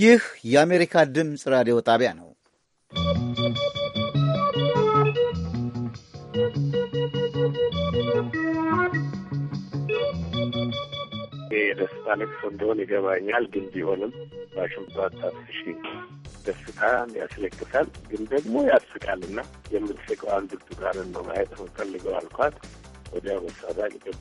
ይህ የአሜሪካ ድምፅ ራዲዮ ጣቢያ ነው። ይሄ የደስታ ለቅሶ እንደሆን ይገባኛል። ግን ቢሆንም ባሽምቶ አታፍሺ ደስታ ያስለቅሳል፣ ግን ደግሞ ያስቃልና የምትስቀው አንድ ብርቱካንን ነው ማየት ፈልገው አልኳት። ወዲያው መሳሳቅ ገባ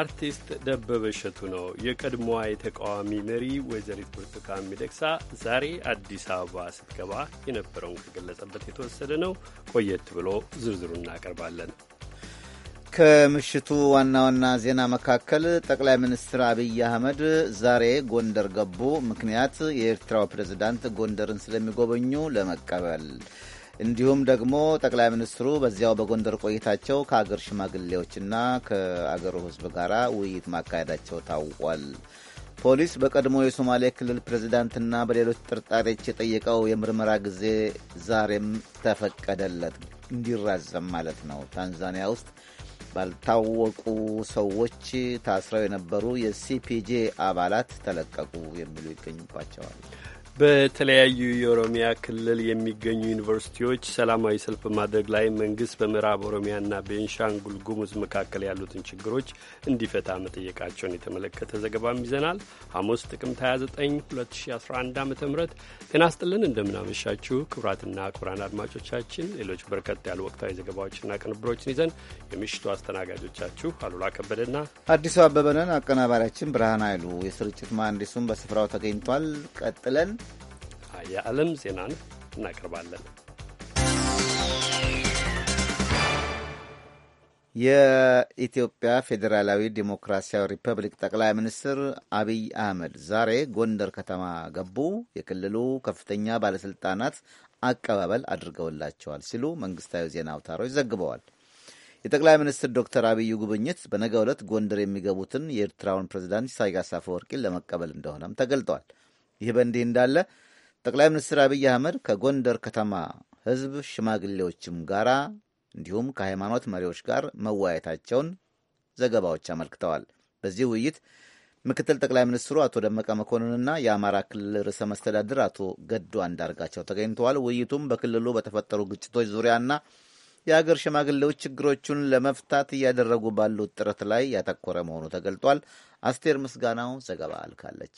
አርቲስት ደበበ እሸቱ ነው። የቀድሞዋ የተቃዋሚ መሪ ወይዘሪት ብርቱካን ሚደቅሳ ዛሬ አዲስ አበባ ስትገባ የነበረውን ከገለጸበት የተወሰደ ነው። ቆየት ብሎ ዝርዝሩን እናቀርባለን። ከምሽቱ ዋና ዋና ዜና መካከል ጠቅላይ ሚኒስትር አብይ አህመድ ዛሬ ጎንደር ገቡ። ምክንያት የኤርትራው ፕሬዝዳንት ጎንደርን ስለሚጎበኙ ለመቀበል እንዲሁም ደግሞ ጠቅላይ ሚኒስትሩ በዚያው በጎንደር ቆይታቸው ከአገር ሽማግሌዎችና ከአገሩ ሕዝብ ጋር ውይይት ማካሄዳቸው ታውቋል። ፖሊስ በቀድሞ የሶማሌ ክልል ፕሬዚዳንትና በሌሎች ጥርጣሬዎች የጠየቀው የምርመራ ጊዜ ዛሬም ተፈቀደለት፣ እንዲራዘም ማለት ነው። ታንዛኒያ ውስጥ ባልታወቁ ሰዎች ታስረው የነበሩ የሲፒጄ አባላት ተለቀቁ የሚሉ ይገኙባቸዋል። በተለያዩ የኦሮሚያ ክልል የሚገኙ ዩኒቨርሲቲዎች ሰላማዊ ሰልፍ በማድረግ ላይ መንግስት በምዕራብ ኦሮሚያና ቤንሻንጉል ጉሙዝ መካከል ያሉትን ችግሮች እንዲፈታ መጠየቃቸውን የተመለከተ ዘገባም ይዘናል። ሐሙስ ጥቅምት 29 2011 ዓ ም ጤና ስጥልን እንደምናመሻችሁ ክቡራትና ክቡራን አድማጮቻችን ሌሎች በርከት ያሉ ወቅታዊ ዘገባዎችና ቅንብሮችን ይዘን የምሽቱ አስተናጋጆቻችሁ አሉላ ከበደና አዲሱ አበበነን አቀናባሪያችን ብርሃን አይሉ የስርጭት መሐንዲሱም በስፍራው ተገኝቷል። ቀጥለን የዓለም ዜናን እናቀርባለን። የኢትዮጵያ ፌዴራላዊ ዴሞክራሲያዊ ሪፐብሊክ ጠቅላይ ሚኒስትር አብይ አህመድ ዛሬ ጎንደር ከተማ ገቡ። የክልሉ ከፍተኛ ባለሥልጣናት አቀባበል አድርገውላቸዋል ሲሉ መንግስታዊ ዜና አውታሮች ዘግበዋል። የጠቅላይ ሚኒስትር ዶክተር አብዩ ጉብኝት በነገ ዕለት ጎንደር የሚገቡትን የኤርትራውን ፕሬዚዳንት ኢሳያስ አፈወርቂን ለመቀበል እንደሆነም ተገልጧል። ይህ በእንዲህ እንዳለ ጠቅላይ ሚኒስትር አብይ አህመድ ከጎንደር ከተማ ህዝብ ሽማግሌዎችም ጋር እንዲሁም ከሃይማኖት መሪዎች ጋር መወያየታቸውን ዘገባዎች አመልክተዋል። በዚህ ውይይት ምክትል ጠቅላይ ሚኒስትሩ አቶ ደመቀ መኮንንና የአማራ ክልል ርዕሰ መስተዳድር አቶ ገዱ አንዳርጋቸው ተገኝተዋል። ውይይቱም በክልሉ በተፈጠሩ ግጭቶች ዙሪያና የአገር ሽማግሌዎች ችግሮቹን ለመፍታት እያደረጉ ባሉት ጥረት ላይ ያተኮረ መሆኑ ተገልጧል። አስቴር ምስጋናው ዘገባ አልካለች።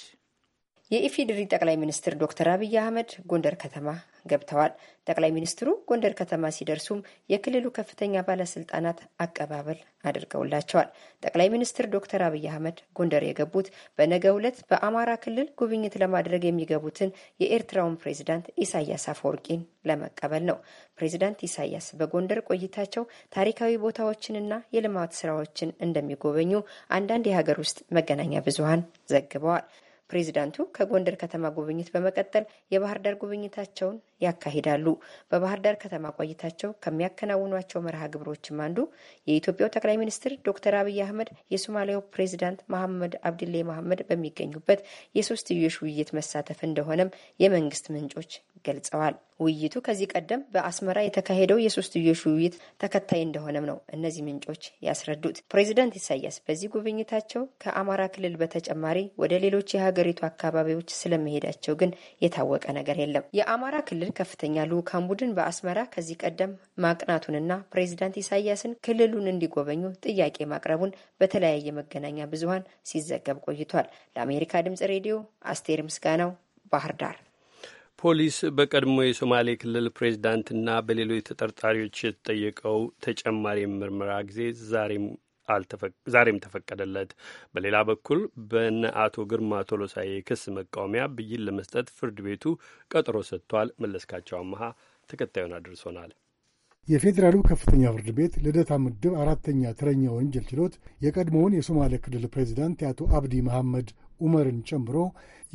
የኢፌዴሪ ጠቅላይ ሚኒስትር ዶክተር አብይ አህመድ ጎንደር ከተማ ገብተዋል። ጠቅላይ ሚኒስትሩ ጎንደር ከተማ ሲደርሱም የክልሉ ከፍተኛ ባለስልጣናት አቀባበል አድርገውላቸዋል። ጠቅላይ ሚኒስትር ዶክተር አብይ አህመድ ጎንደር የገቡት በነገ ዕለት በአማራ ክልል ጉብኝት ለማድረግ የሚገቡትን የኤርትራውን ፕሬዚዳንት ኢሳያስ አፈወርቂን ለመቀበል ነው። ፕሬዚዳንት ኢሳያስ በጎንደር ቆይታቸው ታሪካዊ ቦታዎችንና የልማት ስራዎችን እንደሚጎበኙ አንዳንድ የሀገር ውስጥ መገናኛ ብዙሃን ዘግበዋል። ፕሬዚዳንቱ ከጎንደር ከተማ ጉብኝት በመቀጠል የባህር ዳር ጉብኝታቸውን ያካሂዳሉ። በባህር ዳር ከተማ ቆይታቸው ከሚያከናውኗቸው መርሃ ግብሮችም አንዱ የኢትዮጵያው ጠቅላይ ሚኒስትር ዶክተር አብይ አህመድ የሶማሊያው ፕሬዚዳንት መሐመድ አብድሌ መሐመድ በሚገኙበት የሶስትዮሽ ውይይት መሳተፍ እንደሆነም የመንግስት ምንጮች ገልጸዋል። ውይይቱ ከዚህ ቀደም በአስመራ የተካሄደው የሶስትዮሽ ውይይት ተከታይ እንደሆነም ነው እነዚህ ምንጮች ያስረዱት። ፕሬዚዳንት ኢሳያስ በዚህ ጉብኝታቸው ከአማራ ክልል በተጨማሪ ወደ ሌሎች የሀገሪቱ አካባቢዎች ስለመሄዳቸው ግን የታወቀ ነገር የለም። የአማራ ክልል ከፍተኛ ልዑካን ቡድን በአስመራ ከዚህ ቀደም ማቅናቱንና ፕሬዚዳንት ኢሳያስን ክልሉን እንዲጎበኙ ጥያቄ ማቅረቡን በተለያየ መገናኛ ብዙሀን ሲዘገብ ቆይቷል። ለአሜሪካ ድምጽ ሬዲዮ አስቴር ምስጋናው ባህር ዳር ፖሊስ በቀድሞ የሶማሌ ክልል ፕሬዚዳንትና በሌሎች ተጠርጣሪዎች የተጠየቀው ተጨማሪ ምርመራ ጊዜ ዛሬም ዛሬም ተፈቀደለት። በሌላ በኩል በነ አቶ ግርማ ቶሎሳ የክስ መቃወሚያ ብይን ለመስጠት ፍርድ ቤቱ ቀጠሮ ሰጥቷል። መለስካቸው አመሃ ተከታዩን አድርሶናል። የፌዴራሉ ከፍተኛ ፍርድ ቤት ልደታ ምድብ አራተኛ ተረኛ ወንጀል ችሎት የቀድሞውን የሶማሌ ክልል ፕሬዚዳንት የአቶ አብዲ መሐመድ ኡመርን ጨምሮ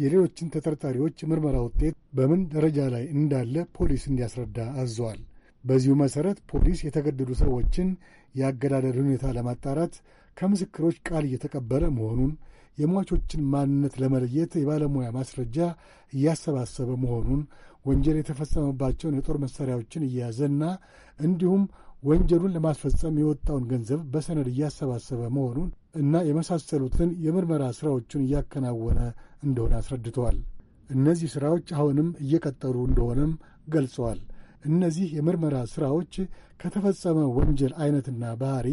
የሌሎችን ተጠርጣሪዎች ምርመራ ውጤት በምን ደረጃ ላይ እንዳለ ፖሊስ እንዲያስረዳ አዟል። በዚሁ መሠረት ፖሊስ የተገደዱ ሰዎችን የአገዳደል ሁኔታ ለማጣራት ከምስክሮች ቃል እየተቀበለ መሆኑን፣ የሟቾችን ማንነት ለመለየት የባለሙያ ማስረጃ እያሰባሰበ መሆኑን ወንጀል የተፈጸመባቸውን የጦር እየያዘ እየያዘና እንዲሁም ወንጀሉን ለማስፈጸም የወጣውን ገንዘብ በሰነድ እያሰባሰበ መሆኑን እና የመሳሰሉትን የምርመራ ሥራዎቹን እያከናወነ እንደሆነ አስረድተዋል። እነዚህ ሥራዎች አሁንም እየቀጠሉ እንደሆነም ገልጸዋል። እነዚህ የምርመራ ሥራዎች ከተፈጸመ ወንጀል ዐይነትና ባሕሪ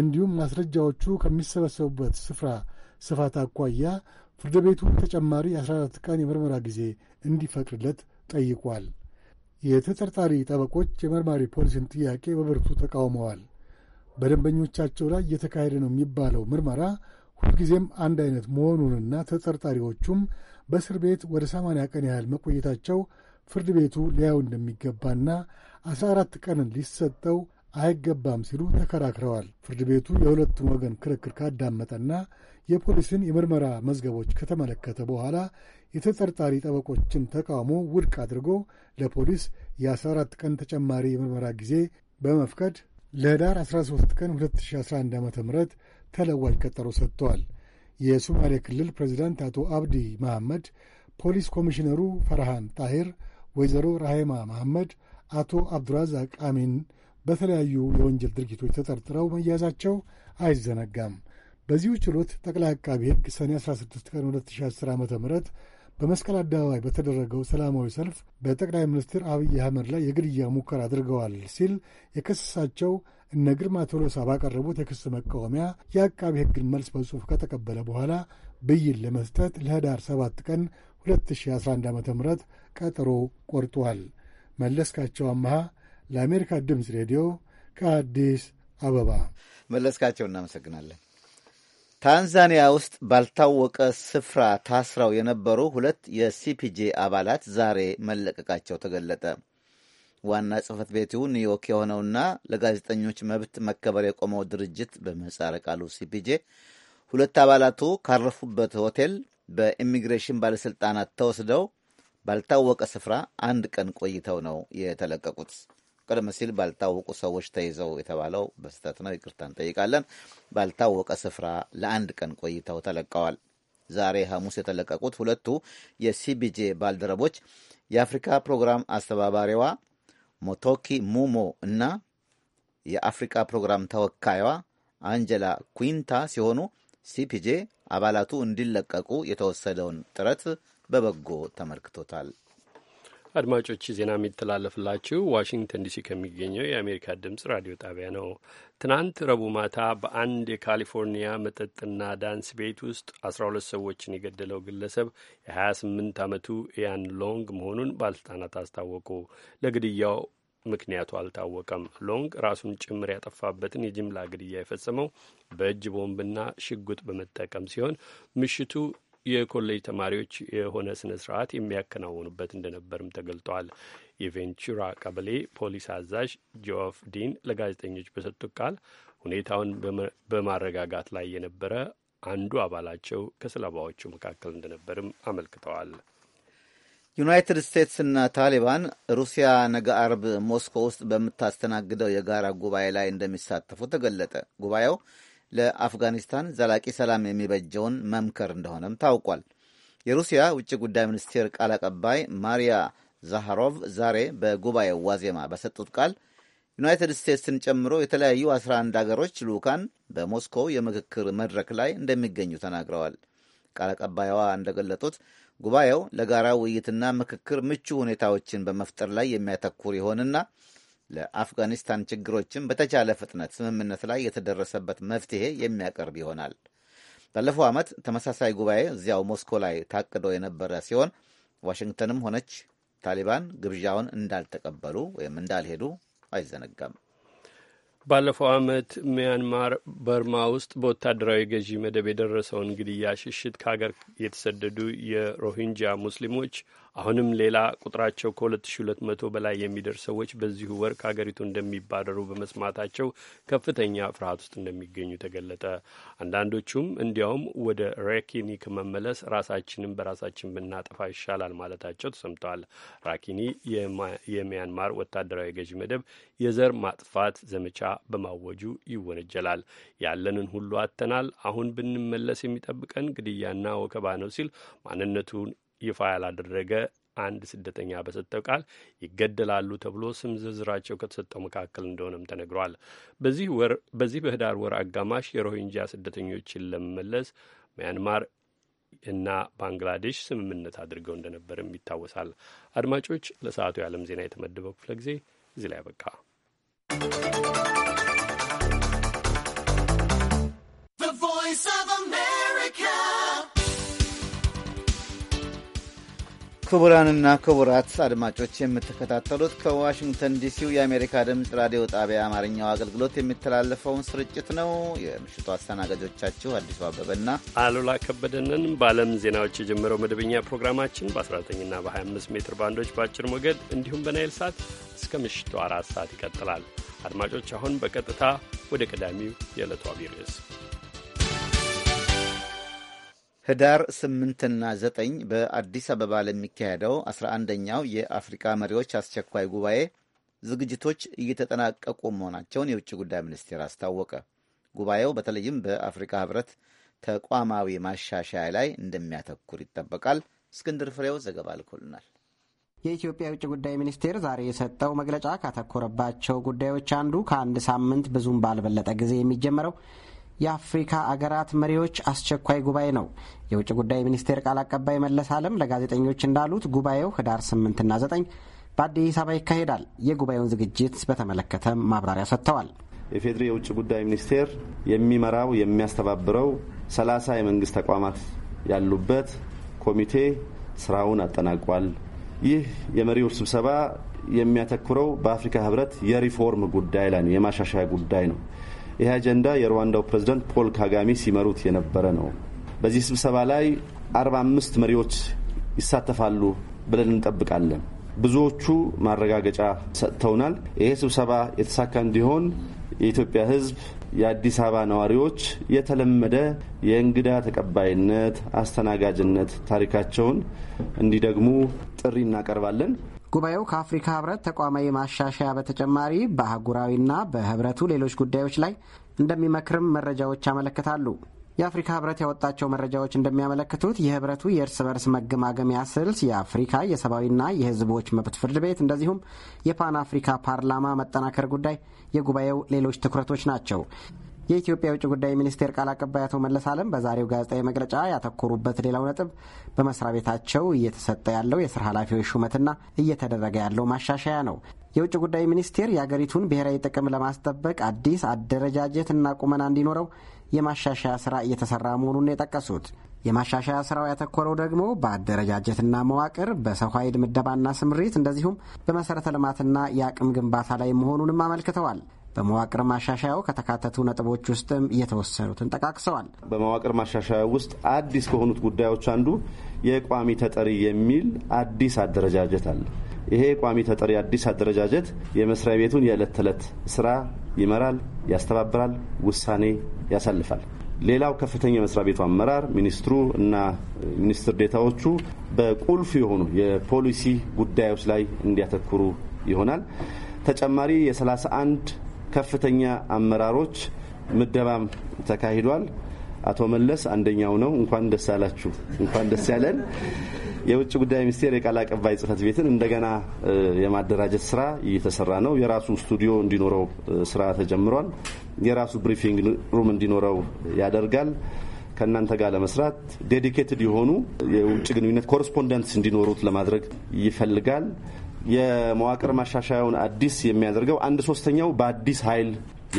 እንዲሁም ማስረጃዎቹ ከሚሰበሰቡበት ስፍራ ስፋት አኳያ ፍርድ ቤቱ ተጨማሪ የ14 ቀን የምርመራ ጊዜ እንዲፈቅድለት ጠይቋል። የተጠርጣሪ ጠበቆች የመርማሪ ፖሊስን ጥያቄ በብርቱ ተቃውመዋል። በደንበኞቻቸው ላይ እየተካሄደ ነው የሚባለው ምርመራ ሁልጊዜም አንድ አይነት መሆኑንና ተጠርጣሪዎቹም በእስር ቤት ወደ ሰማንያ ቀን ያህል መቆየታቸው ፍርድ ቤቱ ሊያዩ እንደሚገባና አስራ አራት ቀንን ሊሰጠው አይገባም ሲሉ ተከራክረዋል። ፍርድ ቤቱ የሁለቱን ወገን ክርክር ካዳመጠና የፖሊስን የምርመራ መዝገቦች ከተመለከተ በኋላ የተጠርጣሪ ጠበቆችን ተቃውሞ ውድቅ አድርጎ ለፖሊስ የ14 ቀን ተጨማሪ የምርመራ ጊዜ በመፍቀድ ለህዳር 13 ቀን 2011 ዓ ም ተለዋጭ ቀጠሮ ሰጥተዋል። የሶማሌ ክልል ፕሬዚዳንት አቶ አብዲ መሐመድ፣ ፖሊስ ኮሚሽነሩ ፈርሃን ጣሂር፣ ወይዘሮ ራሄማ መሐመድ፣ አቶ አብዱራዛቅ አሚን በተለያዩ የወንጀል ድርጊቶች ተጠርጥረው መያዛቸው አይዘነጋም። በዚሁ ችሎት ጠቅላይ አቃቢ ሕግ ሰኔ 16 ቀን 2010 ዓ ም በመስቀል አደባባይ በተደረገው ሰላማዊ ሰልፍ በጠቅላይ ሚኒስትር አብይ አህመድ ላይ የግድያ ሙከራ አድርገዋል ሲል የከሰሳቸው እነ ግርማ ቶሎሳ ባቀረቡት የክስ መቃወሚያ የአቃቢ ሕግን መልስ በጽሑፍ ከተቀበለ በኋላ ብይን ለመስጠት ለህዳር 7 ቀን 2011 ዓ ም ቀጠሮ ቆርጧል። መለስካቸው አመሃ ለአሜሪካ ድምፅ ሬዲዮ ከአዲስ አበባ መለስካቸው፣ እናመሰግናለን። ታንዛኒያ ውስጥ ባልታወቀ ስፍራ ታስረው የነበሩ ሁለት የሲፒጄ አባላት ዛሬ መለቀቃቸው ተገለጠ። ዋና ጽህፈት ቤቱ ኒውዮርክ የሆነውና ለጋዜጠኞች መብት መከበር የቆመው ድርጅት በምህጻረ ቃሉ ሲፒጄ ሁለት አባላቱ ካረፉበት ሆቴል በኢሚግሬሽን ባለሥልጣናት ተወስደው ባልታወቀ ስፍራ አንድ ቀን ቆይተው ነው የተለቀቁት። ቀደም ሲል ባልታወቁ ሰዎች ተይዘው የተባለው በስህተት ነው። ይቅርታ እንጠይቃለን። ባልታወቀ ስፍራ ለአንድ ቀን ቆይተው ተለቀዋል። ዛሬ ሐሙስ የተለቀቁት ሁለቱ የሲቢጄ ባልደረቦች የአፍሪካ ፕሮግራም አስተባባሪዋ ሞቶኪ ሙሞ እና የአፍሪካ ፕሮግራም ተወካይዋ አንጀላ ኩንታ ሲሆኑ ሲፒጄ አባላቱ እንዲለቀቁ የተወሰደውን ጥረት በበጎ ተመልክቶታል። አድማጮች ዜና የሚተላለፍላችሁ ዋሽንግተን ዲሲ ከሚገኘው የአሜሪካ ድምጽ ራዲዮ ጣቢያ ነው። ትናንት ረቡዕ ማታ በአንድ የካሊፎርኒያ መጠጥና ዳንስ ቤት ውስጥ 12 ሰዎችን የገደለው ግለሰብ የ28 ዓመቱ ኢያን ሎንግ መሆኑን ባለሥልጣናት አስታወቁ። ለግድያው ምክንያቱ አልታወቀም። ሎንግ ራሱን ጭምር ያጠፋበትን የጅምላ ግድያ የፈጸመው በእጅ ቦምብና ሽጉጥ በመጠቀም ሲሆን ምሽቱ የኮሌጅ ተማሪዎች የሆነ ስነ ስርዓት የሚያከናውኑበት እንደነበርም ተገልጧል። የቬንቹራ ቀበሌ ፖሊስ አዛዥ ጆፍ ዲን ለጋዜጠኞች በሰጡት ቃል ሁኔታውን በማረጋጋት ላይ የነበረ አንዱ አባላቸው ከሰለባዎቹ መካከል እንደነበርም አመልክተዋል። ዩናይትድ ስቴትስና ታሊባን ሩሲያ ነገ አርብ ሞስኮ ውስጥ በምታስተናግደው የጋራ ጉባኤ ላይ እንደሚሳተፉ ተገለጠ። ጉባኤው ለአፍጋኒስታን ዘላቂ ሰላም የሚበጀውን መምከር እንደሆነም ታውቋል። የሩሲያ ውጭ ጉዳይ ሚኒስቴር ቃል አቀባይ ማሪያ ዛሃሮቭ ዛሬ በጉባኤው ዋዜማ በሰጡት ቃል ዩናይትድ ስቴትስን ጨምሮ የተለያዩ 11 አገሮች ልኡካን በሞስኮ የምክክር መድረክ ላይ እንደሚገኙ ተናግረዋል። ቃል አቀባይዋ እንደገለጡት ጉባኤው ለጋራ ውይይትና ምክክር ምቹ ሁኔታዎችን በመፍጠር ላይ የሚያተኩር ይሆንና ለአፍጋኒስታን ችግሮችም በተቻለ ፍጥነት ስምምነት ላይ የተደረሰበት መፍትሄ የሚያቀርብ ይሆናል። ባለፈው ዓመት ተመሳሳይ ጉባኤ እዚያው ሞስኮ ላይ ታቅዶ የነበረ ሲሆን ዋሽንግተንም ሆነች ታሊባን ግብዣውን እንዳልተቀበሉ ወይም እንዳልሄዱ አይዘነጋም። ባለፈው ዓመት ሚያንማር በርማ ውስጥ በወታደራዊ ገዢ መደብ የደረሰውን ግድያ ሽሽት ከሀገር የተሰደዱ የሮሂንጃ ሙስሊሞች አሁንም ሌላ ቁጥራቸው ከ2200 በላይ የሚደርስ ሰዎች በዚሁ ወር ከሀገሪቱ እንደሚባረሩ በመስማታቸው ከፍተኛ ፍርሃት ውስጥ እንደሚገኙ ተገለጠ። አንዳንዶቹም እንዲያውም ወደ ራኪኒ ከመመለስ ራሳችንን በራሳችን ብናጠፋ ይሻላል ማለታቸው ተሰምተዋል። ራኪኒ የሚያንማር ወታደራዊ ገዢ መደብ የዘር ማጥፋት ዘመቻ በማወጁ ይወነጀላል። ያለንን ሁሉ አጥተናል። አሁን ብንመለስ የሚጠብቀን ግድያና ወከባ ነው ሲል ማንነቱን ይፋ ያላደረገ አንድ ስደተኛ በሰጠው ቃል ይገደላሉ ተብሎ ስም ዝርዝራቸው ከተሰጠው መካከል እንደሆነም ተነግሯል። በዚህ ወር በዚህ በህዳር ወር አጋማሽ የሮሂንጃ ስደተኞችን ለመመለስ ሚያንማር እና ባንግላዴሽ ስምምነት አድርገው እንደነበርም ይታወሳል። አድማጮች፣ ለሰዓቱ የዓለም ዜና የተመደበው ክፍለ ጊዜ እዚህ ላይ ያበቃ። ክቡራንና ክቡራት አድማጮች የምትከታተሉት ከዋሽንግተን ዲሲው የአሜሪካ ድምፅ ራዲዮ ጣቢያ አማርኛው አገልግሎት የሚተላለፈውን ስርጭት ነው። የምሽቱ አስተናጋጆቻችሁ አዲሱ አበበና አሉላ ከበደንን በዓለም ዜናዎች የጀመረው መደበኛ ፕሮግራማችን በ19ና በ25 ሜትር ባንዶች በአጭር ሞገድ እንዲሁም በናይል ሳት እስከ ምሽቱ አራት ሰዓት ይቀጥላል። አድማጮች አሁን በቀጥታ ወደ ቀዳሚው የዕለቱ አብይ ርዕስ ህዳር ስምንትና ዘጠኝ በአዲስ አበባ ለሚካሄደው 11ኛው የአፍሪካ መሪዎች አስቸኳይ ጉባኤ ዝግጅቶች እየተጠናቀቁ መሆናቸውን የውጭ ጉዳይ ሚኒስቴር አስታወቀ። ጉባኤው በተለይም በአፍሪካ ህብረት ተቋማዊ ማሻሻያ ላይ እንደሚያተኩር ይጠበቃል። እስክንድር ፍሬው ዘገባ ልኮልናል። የኢትዮጵያ የውጭ ጉዳይ ሚኒስቴር ዛሬ የሰጠው መግለጫ ካተኮረባቸው ጉዳዮች አንዱ ከአንድ ሳምንት ብዙም ባልበለጠ ጊዜ የሚጀመረው የአፍሪካ አገራት መሪዎች አስቸኳይ ጉባኤ ነው። የውጭ ጉዳይ ሚኒስቴር ቃል አቀባይ መለስ አለም ለጋዜጠኞች እንዳሉት ጉባኤው ህዳር 8 እና 9 በአዲስ አበባ ይካሄዳል። የጉባኤውን ዝግጅት በተመለከተ ማብራሪያ ሰጥተዋል። የፌዴሪ የውጭ ጉዳይ ሚኒስቴር የሚመራው የሚያስተባብረው 30 የመንግስት ተቋማት ያሉበት ኮሚቴ ስራውን አጠናቋል። ይህ የመሪዎች ስብሰባ የሚያተኩረው በአፍሪካ ህብረት የሪፎርም ጉዳይ ላይ ነው፣ የማሻሻያ ጉዳይ ነው። ይህ አጀንዳ የሩዋንዳው ፕሬዝዳንት ፖል ካጋሚ ሲመሩት የነበረ ነው። በዚህ ስብሰባ ላይ አርባ አምስት መሪዎች ይሳተፋሉ ብለን እንጠብቃለን። ብዙዎቹ ማረጋገጫ ሰጥተውናል። ይሄ ስብሰባ የተሳካ እንዲሆን የኢትዮጵያ ሕዝብ፣ የአዲስ አበባ ነዋሪዎች የተለመደ የእንግዳ ተቀባይነት አስተናጋጅነት ታሪካቸውን እንዲደግሙ ጥሪ እናቀርባለን። ጉባኤው ከአፍሪካ ህብረት ተቋማዊ ማሻሻያ በተጨማሪ በአህጉራዊና በህብረቱ ሌሎች ጉዳዮች ላይ እንደሚመክርም መረጃዎች ያመለክታሉ። የአፍሪካ ህብረት ያወጣቸው መረጃዎች እንደሚያመለክቱት የህብረቱ የእርስ በርስ መገማገሚያ ስልት የአፍሪካ የሰብአዊና የህዝቦች መብት ፍርድ ቤት እንደዚሁም የፓን አፍሪካ ፓርላማ መጠናከር ጉዳይ የጉባኤው ሌሎች ትኩረቶች ናቸው። የኢትዮጵያ የውጭ ጉዳይ ሚኒስቴር ቃል አቀባይ አቶ መለስ አለም በዛሬው ጋዜጣዊ መግለጫ ያተኮሩበት ሌላው ነጥብ በመስሪያ ቤታቸው እየተሰጠ ያለው የስራ ኃላፊዎች ሹመትና እየተደረገ ያለው ማሻሻያ ነው። የውጭ ጉዳይ ሚኒስቴር የአገሪቱን ብሔራዊ ጥቅም ለማስጠበቅ አዲስ አደረጃጀትና ቁመና እንዲኖረው የማሻሻያ ስራ እየተሰራ መሆኑን የጠቀሱት የማሻሻያ ስራው ያተኮረው ደግሞ በአደረጃጀትና መዋቅር፣ በሰው ኃይል ምደባና ስምሪት እንደዚሁም በመሰረተ ልማትና የአቅም ግንባታ ላይ መሆኑንም አመልክተዋል። በመዋቅር ማሻሻያው ከተካተቱ ነጥቦች ውስጥም እየተወሰኑ ጠቃቅሰዋል። በመዋቅር ማሻሻያ ውስጥ አዲስ ከሆኑት ጉዳዮች አንዱ የቋሚ ተጠሪ የሚል አዲስ አደረጃጀት አለ። ይሄ የቋሚ ተጠሪ አዲስ አደረጃጀት የመስሪያ ቤቱን የዕለት ተዕለት ስራ ይመራል፣ ያስተባብራል፣ ውሳኔ ያሳልፋል። ሌላው ከፍተኛ የመስሪያ ቤቱ አመራር ሚኒስትሩ እና ሚኒስትር ዴታዎቹ በቁልፍ የሆኑ የፖሊሲ ጉዳዮች ላይ እንዲያተኩሩ ይሆናል። ተጨማሪ የ31 ከፍተኛ አመራሮች ምደባም ተካሂዷል። አቶ መለስ አንደኛው ነው። እንኳን ደስ አላችሁ፣ እንኳን ደስ ያለን። የውጭ ጉዳይ ሚኒስቴር የቃል አቀባይ ጽህፈት ቤትን እንደገና የማደራጀት ስራ እየተሰራ ነው። የራሱ ስቱዲዮ እንዲኖረው ስራ ተጀምሯል። የራሱ ብሪፊንግ ሩም እንዲኖረው ያደርጋል። ከእናንተ ጋር ለመስራት ዴዲኬትድ የሆኑ የውጭ ግንኙነት ኮረስፖንደንት እንዲኖሩት ለማድረግ ይፈልጋል። የመዋቅር ማሻሻያውን አዲስ የሚያደርገው አንድ ሶስተኛው በአዲስ ኃይል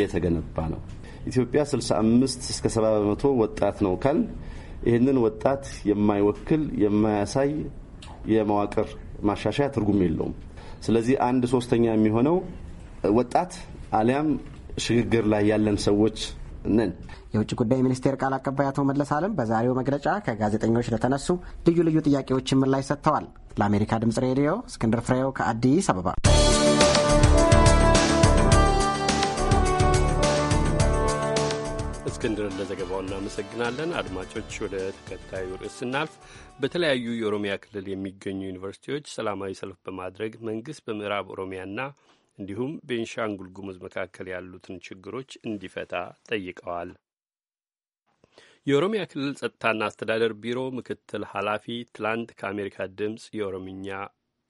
የተገነባ ነው። ኢትዮጵያ 65 እስከ 70 በመቶ ወጣት ነው ካል ይህንን ወጣት የማይወክል የማያሳይ የመዋቅር ማሻሻያ ትርጉም የለውም። ስለዚህ አንድ ሶስተኛ የሚሆነው ወጣት አሊያም ሽግግር ላይ ያለን ሰዎች ነን። የውጭ ጉዳይ ሚኒስቴር ቃል አቀባይ አቶ መለስ አለም በዛሬው መግለጫ ከጋዜጠኞች ለተነሱ ልዩ ልዩ ጥያቄዎችን ምላሽ ሰጥተዋል። ለአሜሪካ ድምጽ ሬዲዮ እስክንድር ፍሬው ከአዲስ አበባ። እስክንድር ለዘገባው እናመሰግናለን። አድማጮች ወደ ተከታዩ ርዕስ ስናልፍ በተለያዩ የኦሮሚያ ክልል የሚገኙ ዩኒቨርሲቲዎች ሰላማዊ ሰልፍ በማድረግ መንግስት በምዕራብ ኦሮሚያና እንዲሁም ቤንሻንጉል ጉሙዝ መካከል ያሉትን ችግሮች እንዲፈታ ጠይቀዋል። የኦሮሚያ ክልል ጸጥታና አስተዳደር ቢሮ ምክትል ኃላፊ ትላንት ከአሜሪካ ድምፅ የኦሮምኛ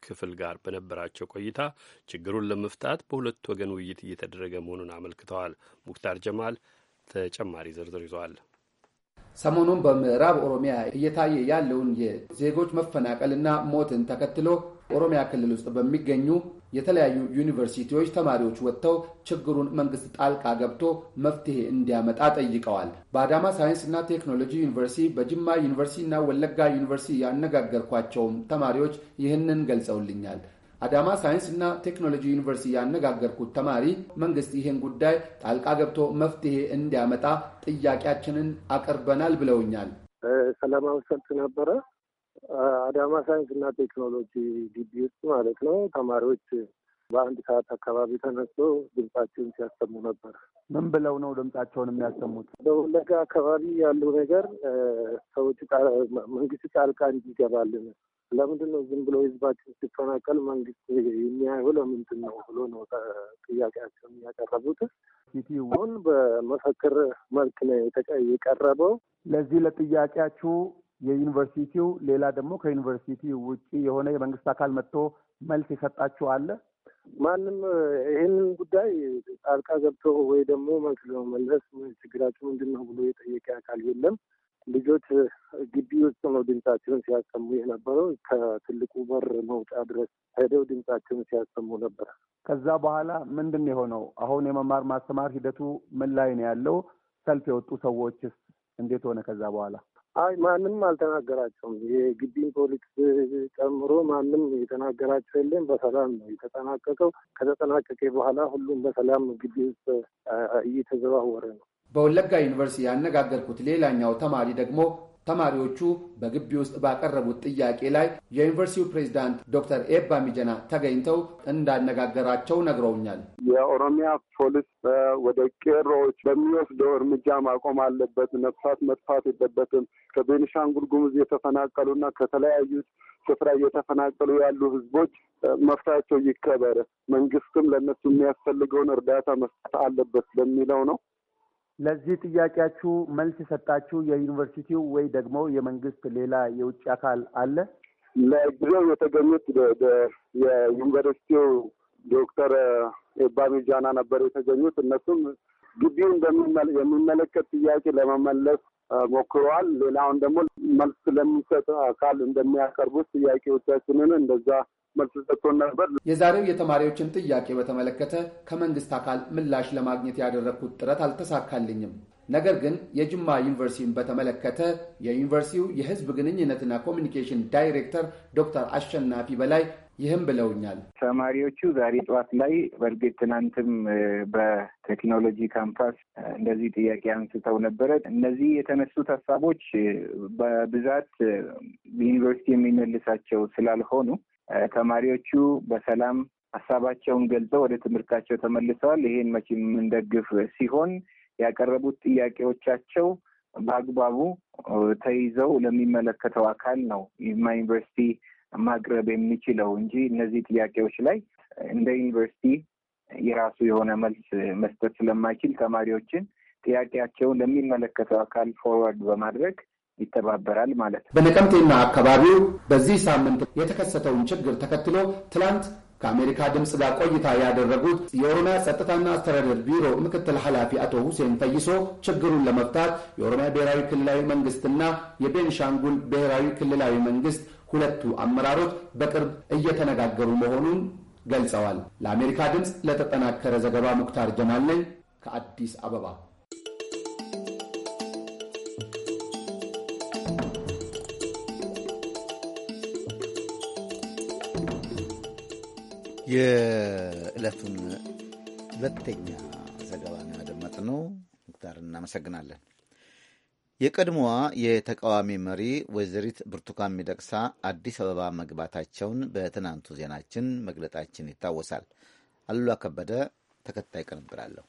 ክፍል ጋር በነበራቸው ቆይታ ችግሩን ለመፍታት በሁለት ወገን ውይይት እየተደረገ መሆኑን አመልክተዋል። ሙክታር ጀማል ተጨማሪ ዝርዝር ይዘዋል። ሰሞኑን በምዕራብ ኦሮሚያ እየታየ ያለውን የዜጎች መፈናቀልና ሞትን ተከትሎ ኦሮሚያ ክልል ውስጥ በሚገኙ የተለያዩ ዩኒቨርሲቲዎች ተማሪዎች ወጥተው ችግሩን መንግስት ጣልቃ ገብቶ መፍትሄ እንዲያመጣ ጠይቀዋል። በአዳማ ሳይንስና ቴክኖሎጂ ዩኒቨርሲቲ፣ በጅማ ዩኒቨርሲቲ እና ወለጋ ዩኒቨርሲቲ ያነጋገርኳቸውም ተማሪዎች ይህንን ገልጸውልኛል። አዳማ ሳይንስና ቴክኖሎጂ ዩኒቨርሲቲ ያነጋገርኩት ተማሪ መንግስት ይህን ጉዳይ ጣልቃ ገብቶ መፍትሄ እንዲያመጣ ጥያቄያችንን አቅርበናል ብለውኛል። ሰላማዊ ሰልፍ ነበረ። አዳማ እና ቴክኖሎጂ ግቢ ውስጥ ማለት ነው ተማሪዎች በአንድ ሰዓት አካባቢ ተነስቶ ድምጻቸውን ሲያሰሙ ነበር። ምን ብለው ነው ድምጻቸውን የሚያሰሙት? በወለጋ አካባቢ ያለው ነገር ሰዎች መንግስት ጣልቃ እንዲገባልን ለምንድን ነው ዝም ብሎ ህዝባችን ሲፈናቀል መንግስት የሚያየው ለምንድን ነው ብሎ ነው ጥያቄያቸውን ያቀረቡት። ሲቲውን በመፈክር መልክ ነው የቀረበው። ለዚህ ለጥያቄያችሁ የዩኒቨርሲቲው ሌላ ደግሞ ከዩኒቨርሲቲ ውጭ የሆነ የመንግስት አካል መጥቶ መልስ የሰጣችሁ አለ? ማንም ይህንን ጉዳይ ጣልቃ ገብቶ ወይ ደግሞ መልስ ለመመለስ ችግራችሁ ምንድን ነው ብሎ የጠየቀ አካል የለም። ልጆች ግቢ ውስጥ ነው ድምጻቸውን ሲያሰሙ የነበረው። ከትልቁ በር መውጫ ድረስ ሄደው ድምጻቸውን ሲያሰሙ ነበር። ከዛ በኋላ ምንድን የሆነው? አሁን የመማር ማስተማር ሂደቱ ምን ላይ ነው ያለው? ሰልፍ የወጡ ሰዎችስ እንዴት ሆነ? ከዛ በኋላ አይ ማንም አልተናገራቸውም። የግቢን ፖሊስ ጨምሮ ማንም የተናገራቸው የለም። በሰላም ነው የተጠናቀቀው። ከተጠናቀቀ በኋላ ሁሉም በሰላም ግቢ ውስጥ እየተዘዋወረ ነው። በወለጋ ዩኒቨርሲቲ ያነጋገርኩት ሌላኛው ተማሪ ደግሞ ተማሪዎቹ በግቢ ውስጥ ባቀረቡት ጥያቄ ላይ የዩኒቨርሲቲው ፕሬዚዳንት ዶክተር ኤባ ሚጀና ተገኝተው እንዳነጋገራቸው ነግረውኛል። የኦሮሚያ ፖሊስ ወደ ቄሮዎች በሚወስደው እርምጃ ማቆም አለበት፣ ነፍሳት መጥፋት የለበትም። ከቤኒሻንጉል ጉሙዝ የተፈናቀሉና ከተለያዩ ስፍራ እየተፈናቀሉ ያሉ ህዝቦች መፍታቸው ይከበር፣ መንግስትም ለእነሱ የሚያስፈልገውን እርዳታ መስጠት አለበት በሚለው ነው ለዚህ ጥያቄያችሁ መልስ የሰጣችሁ የዩኒቨርሲቲው ወይ ደግሞ የመንግስት ሌላ የውጭ አካል አለ? ለጊዜው የተገኙት የዩኒቨርሲቲው ዶክተር ኤባ ሚጃና ነበር የተገኙት። እነሱም ግቢውን የሚመለከት ጥያቄ ለመመለስ ሞክረዋል። ሌላውን ደግሞ መልስ ለሚሰጥ አካል እንደሚያቀርቡት ጥያቄዎቻችንን እንደዛ መልስ ሰጥቶን ነበር። የዛሬው የተማሪዎችን ጥያቄ በተመለከተ ከመንግስት አካል ምላሽ ለማግኘት ያደረግኩት ጥረት አልተሳካልኝም። ነገር ግን የጅማ ዩኒቨርሲቲን በተመለከተ የዩኒቨርሲቲው የህዝብ ግንኙነትና ኮሚኒኬሽን ዳይሬክተር ዶክተር አሸናፊ በላይ ይህም ብለውኛል። ተማሪዎቹ ዛሬ ጠዋት ላይ በእርግጥ ትናንትም በቴክኖሎጂ ካምፓስ እንደዚህ ጥያቄ አንስተው ነበረ። እነዚህ የተነሱት ሀሳቦች በብዛት ዩኒቨርሲቲ የሚመልሳቸው ስላልሆኑ ተማሪዎቹ በሰላም ሀሳባቸውን ገልጸው ወደ ትምህርታቸው ተመልሰዋል። ይሄን መቼም የምንደግፍ ሲሆን ያቀረቡት ጥያቄዎቻቸው በአግባቡ ተይዘው ለሚመለከተው አካል ነው ማ ዩኒቨርሲቲ ማቅረብ የሚችለው እንጂ እነዚህ ጥያቄዎች ላይ እንደ ዩኒቨርሲቲ የራሱ የሆነ መልስ መስጠት ስለማይችል ተማሪዎችን ጥያቄያቸውን ለሚመለከተው አካል ፎርዋርድ በማድረግ ይተባበራል ማለት ነው። በነቀምቴና አካባቢው በዚህ ሳምንት የተከሰተውን ችግር ተከትሎ ትላንት ከአሜሪካ ድምፅ ጋር ቆይታ ያደረጉት የኦሮሚያ ጸጥታና አስተዳደር ቢሮ ምክትል ኃላፊ አቶ ሁሴን ፈይሶ ችግሩን ለመፍታት የኦሮሚያ ብሔራዊ ክልላዊ መንግስትና የቤንሻንጉል ብሔራዊ ክልላዊ መንግስት ሁለቱ አመራሮች በቅርብ እየተነጋገሩ መሆኑን ገልጸዋል። ለአሜሪካ ድምፅ ለተጠናከረ ዘገባ ሙክታር ጀማል ነኝ ከአዲስ አበባ። የዕለቱን ሁለተኛ ዘገባ ነው ያደመጥነው። ሙክታር እናመሰግናለን። የቀድሞዋ የተቃዋሚ መሪ ወይዘሪት ብርቱካን ሚደቅሳ አዲስ አበባ መግባታቸውን በትናንቱ ዜናችን መግለጣችን ይታወሳል። አሉላ ከበደ ተከታይ ቀንብራለሁ።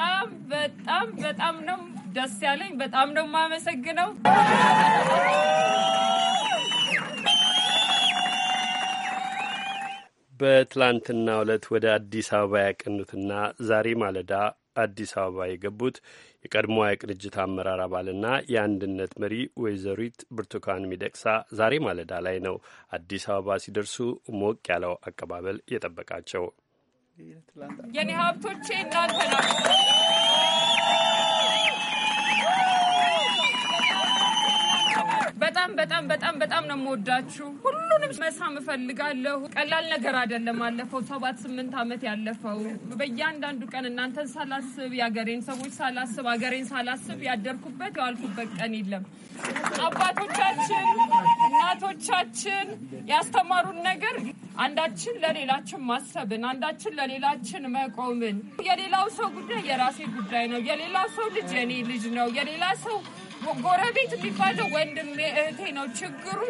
በጣም በጣም በጣም ነው ደስ ያለኝ። በጣም ነው የማመሰግነው። በትላንትና ዕለት ወደ አዲስ አበባ ያቀኑትና ዛሬ ማለዳ አዲስ አበባ የገቡት የቀድሞ የቅንጅት አመራር አባልና የአንድነት መሪ ወይዘሪት ብርቱካን ሚደቅሳ ዛሬ ማለዳ ላይ ነው አዲስ አበባ ሲደርሱ ሞቅ ያለው አቀባበል የጠበቃቸው። የኔ ሀብቶቼ እናንተ ናቸው። በጣም በጣም በጣም በጣም ነው የምወዳችሁ። ሁሉንም መሳም እፈልጋለሁ። ቀላል ነገር አይደለም። አለፈው ሰባት ስምንት ዓመት ያለፈው በእያንዳንዱ ቀን እናንተን ሳላስብ፣ የአገሬን ሰዎች ሳላስብ፣ አገሬን ሳላስብ ያደርኩበት የዋልኩበት ቀን የለም። አባቶቻችን እናቶቻችን ያስተማሩን ነገር አንዳችን ለሌላችን ማሰብን፣ አንዳችን ለሌላችን መቆምን፣ የሌላው ሰው ጉዳይ የራሴ ጉዳይ ነው፣ የሌላው ሰው ልጅ የኔ ልጅ ነው፣ የሌላ ሰው ጎረቤት የሚባለው ወንድሜ እህቴ ነው። ችግሩ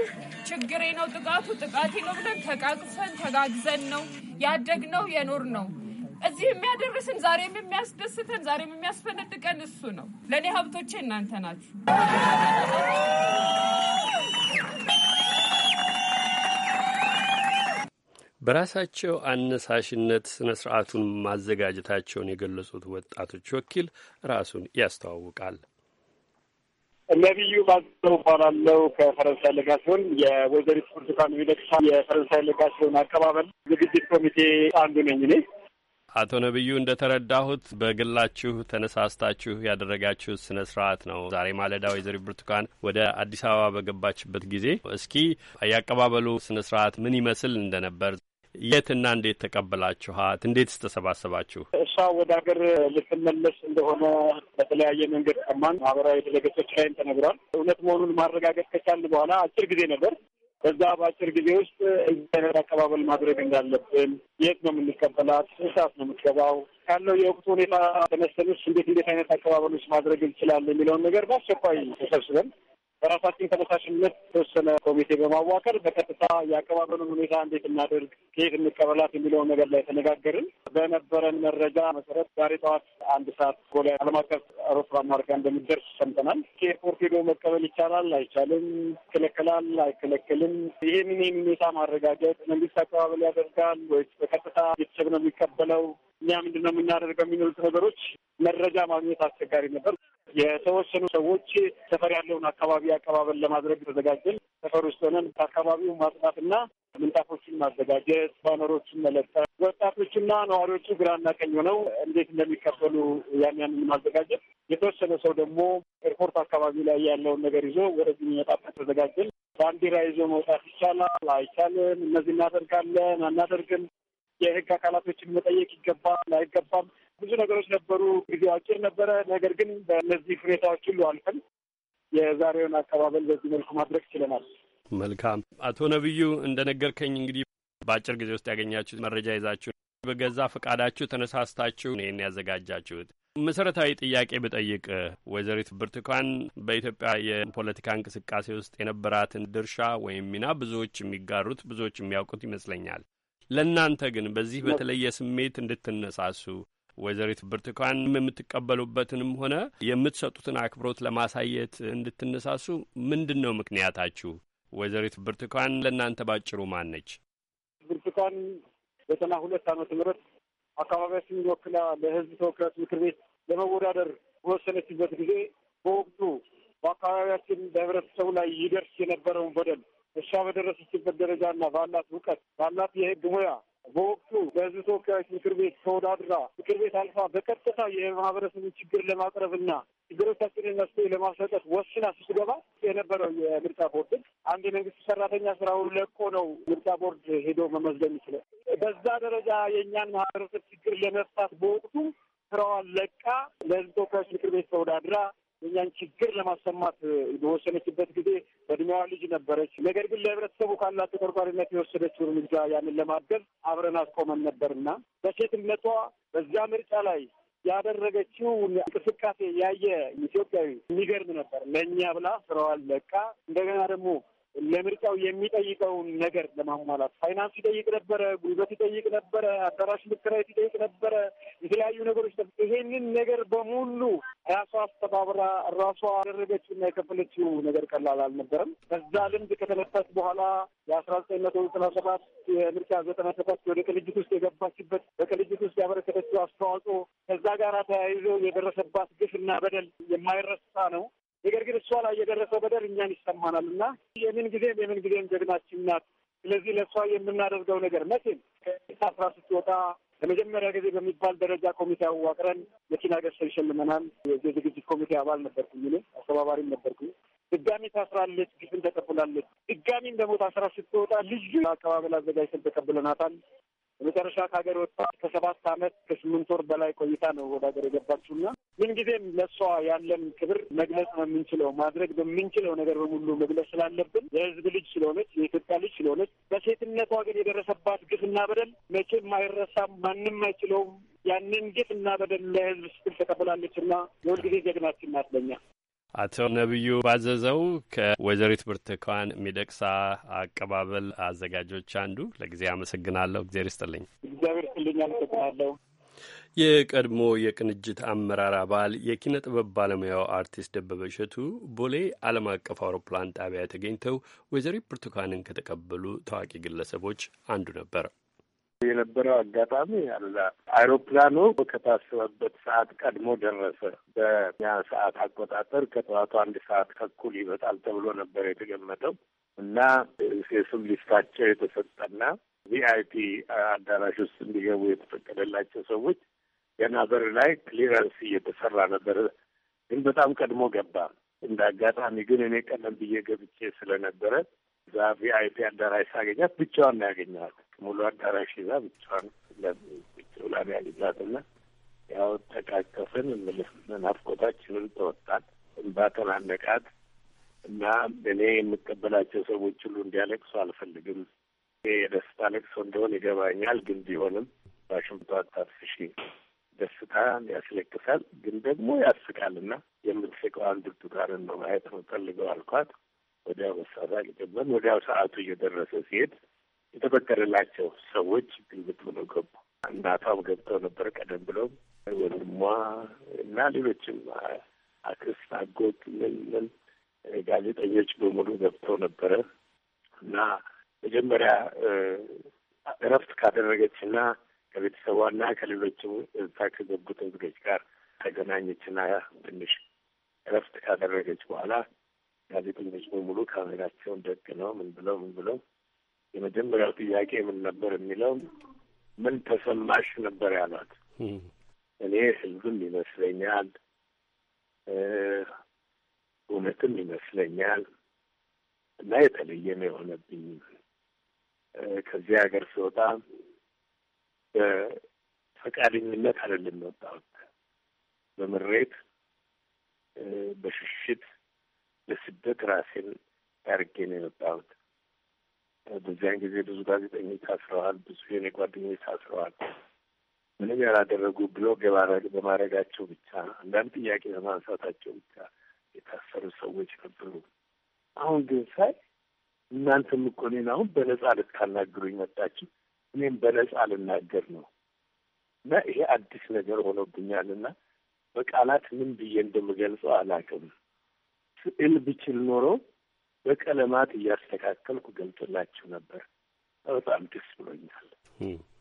ችግሬ ነው፣ ጥቃቱ ጥቃቴ ነው ብለን ተቃቅፈን ተጋግዘን ነው ያደግነው የኖር ነው። እዚህ የሚያደርስን ዛሬም የሚያስደስተን ዛሬም የሚያስፈነድቀን እሱ ነው። ለእኔ ሀብቶቼ እናንተ ናችሁ። በራሳቸው አነሳሽነት ስነ ስርዓቱን ማዘጋጀታቸውን የገለጹት ወጣቶች ወኪል ራሱን ያስተዋውቃል። ነቢዩ ባዘው እባላለሁ። ከፈረንሳይ ሌጋሲዮን የወይዘሪት ብርቱካን ሚደቅሳ የፈረንሳይ ሌጋሲዮን አቀባበል ዝግጅት ኮሚቴ አንዱ ነኝ እኔ። አቶ ነቢዩ እንደ ተረዳሁት በግላችሁ ተነሳስታችሁ ያደረጋችሁት ስነ ስርዓት ነው። ዛሬ ማለዳ ወይዘሪት ብርቱካን ወደ አዲስ አበባ በገባችበት ጊዜ እስኪ ያቀባበሉ ስነ ስርዓት ምን ይመስል እንደነበር የትና እንዴት ተቀበላችኋት? እንዴት ተሰባሰባችሁ? እሷ ወደ ሀገር ልትመለስ እንደሆነ በተለያየ መንገድ ሰማን። ማህበራዊ ድረገጾች ላይም ተነግሯል። እውነት መሆኑን ማረጋገጥ ከቻልን በኋላ አጭር ጊዜ ነበር። በዛ በአጭር ጊዜ ውስጥ አይነት አቀባበል ማድረግ እንዳለብን፣ የት ነው የምንቀበላት፣ እሳት ነው የምትገባው፣ ካለው የወቅቱ ሁኔታ ተነስተን እንዴት እንዴት አይነት አቀባበሎች ማድረግ እንችላለን የሚለውን ነገር በአስቸኳይ ተሰብስበን በራሳችን ተነሳሽነት የተወሰነ ኮሚቴ በማዋቀር በቀጥታ የአቀባበሉን ሁኔታ እንዴት እናደርግ፣ ከየት እንቀበላት የሚለውን ነገር ላይ ተነጋገርን። በነበረን መረጃ መሰረት ዛሬ ጠዋት አንድ ሰዓት ጎላ ዓለም አቀፍ አውሮፕላን ማረፊያ እንደሚደርስ ሰምተናል። ከኤርፖርት ሄዶ መቀበል ይቻላል አይቻልም፣ ይከለከላል አይከለከልም፣ ይህንን ሁኔታ ማረጋገጥ መንግስት አቀባበል ያደርጋል ወይስ በቀጥታ ቤተሰብ ነው የሚቀበለው እኛ ምንድን ነው የምናደርገው የሚሉት ነገሮች መረጃ ማግኘት አስቸጋሪ ነበር። የተወሰኑ ሰዎች ሰፈር ያለውን አካባቢ አቀባበል ለማድረግ ተዘጋጀን። ሰፈር ውስጥ ሆነን ከአካባቢው ማጽዳትና ምንጣፎችን ማዘጋጀት፣ ባነሮችን መለጠፍ፣ ወጣቶችና ነዋሪዎቹ ግራና ቀኝ ሆነው እንዴት እንደሚቀበሉ ያን ያንን ማዘጋጀት፣ የተወሰነ ሰው ደግሞ ኤርፖርት አካባቢ ላይ ያለውን ነገር ይዞ ወደዚህ የሚመጣበት ተዘጋጀን። ባንዲራ ይዞ መውጣት ይቻላል አይቻልም፣ እነዚህ እናደርጋለን አናደርግም፣ የህግ አካላቶችን መጠየቅ ይገባል አይገባም ብዙ ነገሮች ነበሩ። ጊዜ አጭር ነበረ። ነገር ግን በእነዚህ ሁኔታዎች ሁሉ አልፈን የዛሬውን አቀባበል በዚህ መልኩ ማድረግ ችለናል። መልካም አቶ ነቢዩ እንደነገርከኝ እንግዲህ በአጭር ጊዜ ውስጥ ያገኛችሁ መረጃ ይዛችሁ በገዛ ፈቃዳችሁ ተነሳስታችሁ ይህን ያዘጋጃችሁት መሰረታዊ ጥያቄ ብጠይቅ ወይዘሪት ብርቱካን በኢትዮጵያ የፖለቲካ እንቅስቃሴ ውስጥ የነበራትን ድርሻ ወይም ሚና ብዙዎች የሚጋሩት ብዙዎች የሚያውቁት ይመስለኛል። ለእናንተ ግን በዚህ በተለየ ስሜት እንድትነሳሱ ወይዘሪት ብርቱካን የምትቀበሉበትንም ሆነ የምትሰጡትን አክብሮት ለማሳየት እንድትነሳሱ ምንድን ነው ምክንያታችሁ? ወይዘሪት ብርቱካን ለእናንተ ባጭሩ ማን ነች? ብርቱካን ዘጠና ሁለት ዓመተ ምህረት አካባቢያችን ወክላ ለህዝብ ተወካዮች ምክር ቤት ለመወዳደር በወሰነችበት ጊዜ በወቅቱ በአካባቢያችን በህብረተሰቡ ላይ ይደርስ የነበረውን በደል እሷ በደረሰችበት ደረጃና ባላት እውቀት ባላት የህግ ሙያ በወቅቱ በህዝብ ተወካዮች ምክር ቤት ተወዳድራ ምክር ቤት አልፋ በቀጥታ የማህበረሰቡን ችግር ለማቅረብና ችግሮቻችንን መፍትሄ ለማሰጠት ወስና ስትገባ የነበረው የምርጫ ቦርድ አንድ የመንግስት ሰራተኛ ስራውን ለቆ ነው ምርጫ ቦርድ ሄዶ መመዝገብ ይችላል። በዛ ደረጃ የእኛን ማህበረሰብ ችግር ለመፍታት በወቅቱ ስራዋን ለቃ ለህዝብ ተወካዮች ምክር ቤት ተወዳድራ የእኛን ችግር ለማሰማት በወሰነችበት ጊዜ በእድሜዋ ልጅ ነበረች። ነገር ግን ለህብረተሰቡ ካላት ተቆርቋሪነት የወሰደችው እርምጃ ያንን ለማገዝ አብረን አስቆመን ነበርና በሴትነቷ በዚያ ምርጫ ላይ ያደረገችው እንቅስቃሴ ያየ ኢትዮጵያዊ የሚገርም ነበር። ለእኛ ብላ ስራዋን ለቃ እንደገና ደግሞ ለምርጫው የሚጠይቀውን ነገር ለማሟላት ፋይናንስ ይጠይቅ ነበረ፣ ጉልበት ይጠይቅ ነበረ፣ አዳራሽ መከራየት ይጠይቅ ነበረ፣ የተለያዩ ነገሮች ይሄንን ነገር በሙሉ ራሷ አስተባብራ ራሷ ያደረገችው እና የከፈለችው ነገር ቀላል አልነበረም። ከዛ ልምድ ከተነሳት በኋላ የአስራ ዘጠኝ መቶ ዘጠና ሰባት የምርጫ ዘጠና ሰባት ወደ ቅልጅት ውስጥ የገባችበት በቅልጅት ውስጥ ያበረከተችው አስተዋጽኦ ከዛ ጋር ተያይዞ የደረሰባት ግፍና በደል የማይረሳ ነው። ነገር ግን እሷ ላይ የደረሰ በደል እኛን ይሰማናል እና የምን ጊዜም የምን ጊዜም ጀግናችን ናት። ስለዚህ ለእሷ የምናደርገው ነገር መቼም ከሳ አስራ ስትወጣ ለመጀመሪያ ጊዜ በሚባል ደረጃ ኮሚቴ አዋቅረን መኪና ገዝተን ሸልመናል። ዝግጅት ኮሚቴ አባል ነበርኩኝ እኔ አስተባባሪም ነበርኩኝ። ድጋሚ ታስራለች፣ ግፍን ተቀብላለች። ድጋሚም ደግሞ ታስራ ስትወጣ ልዩ አቀባበል አዘጋጅተን ተቀብለናታል። የመጨረሻ ከሀገር ወጣ ከሰባት አመት ከስምንት ወር በላይ ቆይታ ነው ወደ ሀገር የገባችው እና ምንጊዜም ለሷ ያለን ክብር መግለጽ ነው የምንችለው ማድረግ በምንችለው ነገር በሙሉ መግለጽ ስላለብን የህዝብ ልጅ ስለሆነች የኢትዮጵያ ልጅ ስለሆነች በሴትነቷ ግን የደረሰባት ግፍና በደል መቼም አይረሳም። ማንም አይችለውም። ያንን እና በደል ለህዝብ ስትል ተቀብላለች እና የሁልጊዜ ጀግናችን ናት ለኛ አቶ ነብዩ ባዘዘው ከወይዘሪት ብርቱካን ሚደቅሳ አቀባበል አዘጋጆች አንዱ፣ ለጊዜ አመሰግናለሁ። እግዜር ይስጥልኝ። እግዚአብሔር ይስጥልኝ። አመሰግናለሁ። የቀድሞ የቅንጅት አመራር አባል የኪነ ጥበብ ባለሙያው አርቲስት ደበበ እሸቱ ቦሌ ዓለም አቀፍ አውሮፕላን ጣቢያ ተገኝተው ወይዘሪት ብርቱካንን ከተቀበሉ ታዋቂ ግለሰቦች አንዱ ነበር። የነበረው አጋጣሚ አለ። አይሮፕላኑ ከታሰበበት ሰዓት ቀድሞ ደረሰ። በኛ ሰዓት አቆጣጠር ከጠዋቱ አንድ ሰዓት ተኩል ይመጣል ተብሎ ነበር የተገመተው እና የስም ሊስታቸው የተሰጠና ቪአይፒ አዳራሽ ውስጥ እንዲገቡ የተፈቀደላቸው ሰዎች ገና በር ላይ ክሊረንስ እየተሰራ ነበር። ግን በጣም ቀድሞ ገባ። እንደ አጋጣሚ ግን እኔ ቀደም ብዬ ገብቼ ስለነበረ እዛ ቪአይፒ አዳራሽ ሳገኛት ብቻዋን ነው ያገኘኋት። ሙሉ አዳራሽ ይዛ ብቻዋን ቁጭ ብላ ያልዛትና ያው ተቃቀፍን። እምልህ ናፍቆታችንን ተወጣን። እንባተን አነቃት እና እኔ የምቀበላቸው ሰዎች ሁሉ እንዲያለቅሱ አልፈልግም። የደስታ ለቅሶ እንደሆን ይገባኛል። ግን ቢሆንም ዋሽንግቶ አታፍሽ ደስታ ያስለቅሳል፣ ግን ደግሞ ያስቃልና የምትስቀው አንድ ብርቱካንን ነው ማየት ነው ፈልገው አልኳት። ወዲያው መሳሳቅ ጀመርን። ወዲያው ሰዓቱ እየደረሰ ሲሄድ የተፈቀደላቸው ሰዎች ግልብጥ ብለው ገቡ። እናቷም ገብተው ነበር ቀደም ብለው ወንድሟ እና ሌሎችም አክስት፣ አጎት ምን ምን ጋዜጠኞች በሙሉ ገብተው ነበረ እና መጀመሪያ እረፍት ካደረገች እና ከቤተሰቧና ከሌሎችም እዛ ከገቡት እንግዶች ጋር ተገናኘችና ትንሽ እረፍት ካደረገች በኋላ ጋዜጠኞች በሙሉ ካሜራቸውን ደቅ ነው ምን ብለው ምን ብለው የመጀመሪያው ጥያቄ ምን ነበር የሚለው ምን ተሰማሽ ነበር ያሏት። እኔ ህዝብም ይመስለኛል እውነትም ይመስለኛል እና የተለየም የሆነብኝ ከዚህ ሀገር ስወጣ በፈቃደኝነት አይደለም የወጣሁት፣ በምሬት በሽሽት ለስደት ራሴን ያርጌ ነው የወጣሁት። በዚያን ጊዜ ብዙ ጋዜጠኞች ታስረዋል። ብዙ የኔ ጓደኞች ታስረዋል። ምንም ያላደረጉ ብሎግ በማድረጋቸው ብቻ አንዳንድ ጥያቄ በማንሳታቸው ብቻ የታሰሩ ሰዎች ነበሩ። አሁን ግን ሳይ እናንተም እኮ እኔን አሁን በነጻ ልታናግሩኝ መጣችሁ፣ እኔም በነጻ ልናገር ነው እና ይሄ አዲስ ነገር ሆኖብኛል እና በቃላት ምን ብዬ እንደምገልጸው አላውቅም። ስዕል ብችል ኖሮ በቀለማት እያስተካከልኩ ገልጦላችሁ ነበር። በጣም ደስ ብሎኛል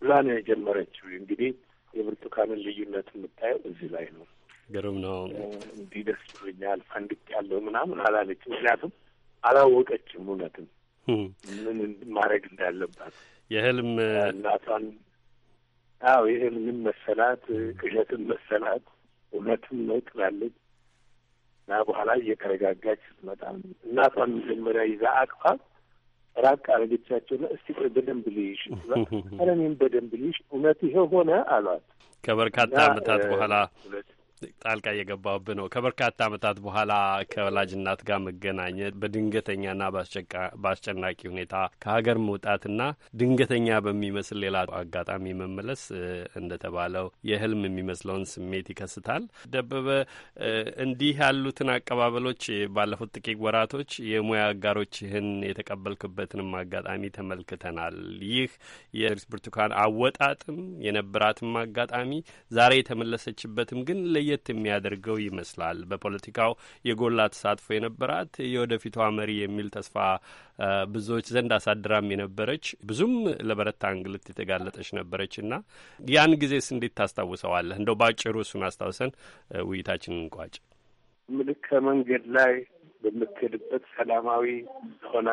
ብላ ነው የጀመረችው። እንግዲህ የብርቱካንን ልዩነት የምታየው እዚህ ላይ ነው። ግሩም ነው። እንዲህ ደስ ብሎኛል ፈንድቅ ያለው ምናምን አላለች። ምክንያቱም አላወቀችም እውነትም ምን ማድረግ እንዳለባት የህልም እናቷን አዎ የህልምን መሰላት ቅዠትን መሰላት እውነትም ነው ትላለች። እና በኋላ እየተረጋጋች ስትመጣም እናቷን መጀመሪያ ይዛ አቅፋት ራቅ ና እስቲ ቆይ በደንብ ልይሽ ኧረ በደንብ ልይሽ እውነት ይሄ ሆነ አሏት። ከበርካታ አመታት በኋላ ሁለት ጣልቃ እየገባብህ ነው። ከበርካታ ዓመታት በኋላ ከወላጅ እናት ጋር መገናኘት በድንገተኛና በአስጨናቂ ሁኔታ ከሀገር መውጣትና ድንገተኛ በሚመስል ሌላ አጋጣሚ መመለስ እንደተባለው የህልም የሚመስለውን ስሜት ይከስታል። ደበበ፣ እንዲህ ያሉትን አቀባበሎች ባለፉት ጥቂት ወራቶች የሙያ አጋሮችህን የተቀበልክበትንም አጋጣሚ ተመልክተናል። ይህ የብርቱካን አወጣጥም የነበራትም አጋጣሚ ዛሬ የተመለሰችበትም ግን ለየት የሚያደርገው ይመስላል። በፖለቲካው የጎላ ተሳትፎ የነበራት የወደፊቷ መሪ የሚል ተስፋ ብዙዎች ዘንድ አሳድራም የነበረች ብዙም ለበረታ እንግልት የተጋለጠች ነበረች እና ያን ጊዜስ እንዴት ታስታውሰዋለህ? እንደው በአጭሩ እሱን አስታውሰን ውይይታችንን እንቋጭ። ምልክ ከመንገድ ላይ በምትሄድበት ሰላማዊ ሆና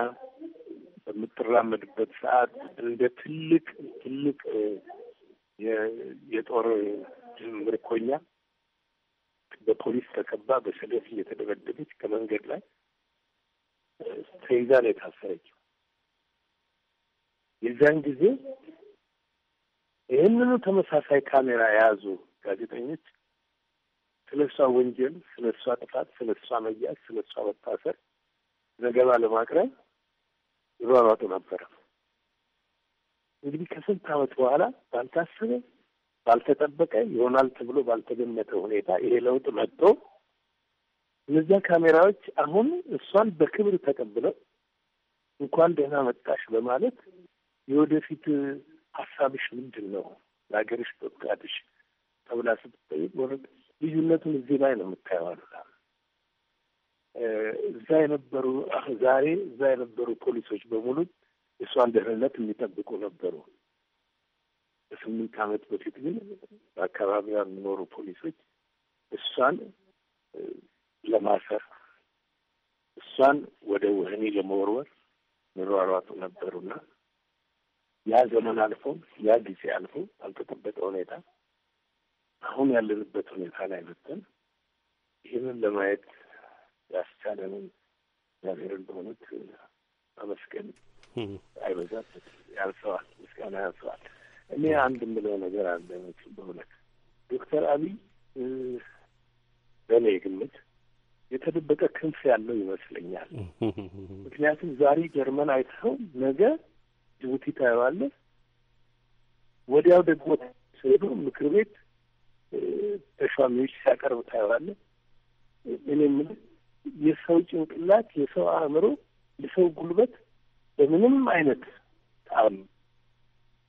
በምትራመድበት ሰዓት እንደ ትልቅ ትልቅ የጦር ምርኮኛ በፖሊስ ተከባ በሰልፍ እየተደበደበች ከመንገድ ላይ ተይዛ ነው የታሰረችው። የዚያን ጊዜ ይህንኑ ተመሳሳይ ካሜራ የያዙ ጋዜጠኞች ስለ እሷ ወንጀል፣ ስለ እሷ ጥፋት፣ ስለ እሷ መያዝ፣ ስለ እሷ መታሰር ዘገባ ለማቅረብ ይሯሯጡ ነበረ። እንግዲህ ከስንት ዓመት በኋላ ባልታሰበ ባልተጠበቀ ይሆናል ተብሎ ባልተገመተ ሁኔታ ይሄ ለውጥ መጥቶ እነዚያ ካሜራዎች አሁን እሷን በክብር ተቀብለው እንኳን ደህና መጣሽ በማለት የወደፊት ሀሳብሽ ምንድን ነው ለሀገርሽ በብቃትሽ ተብላ ስትጠይቅ ወረድ ልዩነቱን እዚህ ላይ ነው የምታየዋሉ። እዛ የነበሩ ዛሬ እዛ የነበሩ ፖሊሶች በሙሉ የእሷን ደህንነት የሚጠብቁ ነበሩ። ከስምንት ዓመት በፊት ግን በአካባቢዋ የሚኖሩ ፖሊሶች እሷን ለማሰር እሷን ወደ ወህኒ ለመወርወር ምሯሯጡ ነበሩና ያ ዘመን አልፎ ያ ጊዜ አልፎ ባልተጠበቀ ሁኔታ አሁን ያለንበት ሁኔታ ላይ መጥተን ይህንን ለማየት ያስቻለንን እግዚአብሔርን እንደሆኑት አመስገን አይበዛበት፣ ያንሰዋል፣ ምስጋና ያንሰዋል። እኔ አንድ የምለው ነገር አለ። በእውነት ዶክተር አብይ በእኔ ግምት የተደበቀ ክንፍ ያለው ይመስለኛል። ምክንያቱም ዛሬ ጀርመን አይተኸው ነገ ጅቡቲ ታየዋለህ፣ ወዲያው ደግሞ ሄዶ ምክር ቤት ተሿሚዎች ሲያቀርብ ታየዋለህ። እኔ የምልህ የሰው ጭንቅላት፣ የሰው አእምሮ፣ የሰው ጉልበት በምንም አይነት ጣም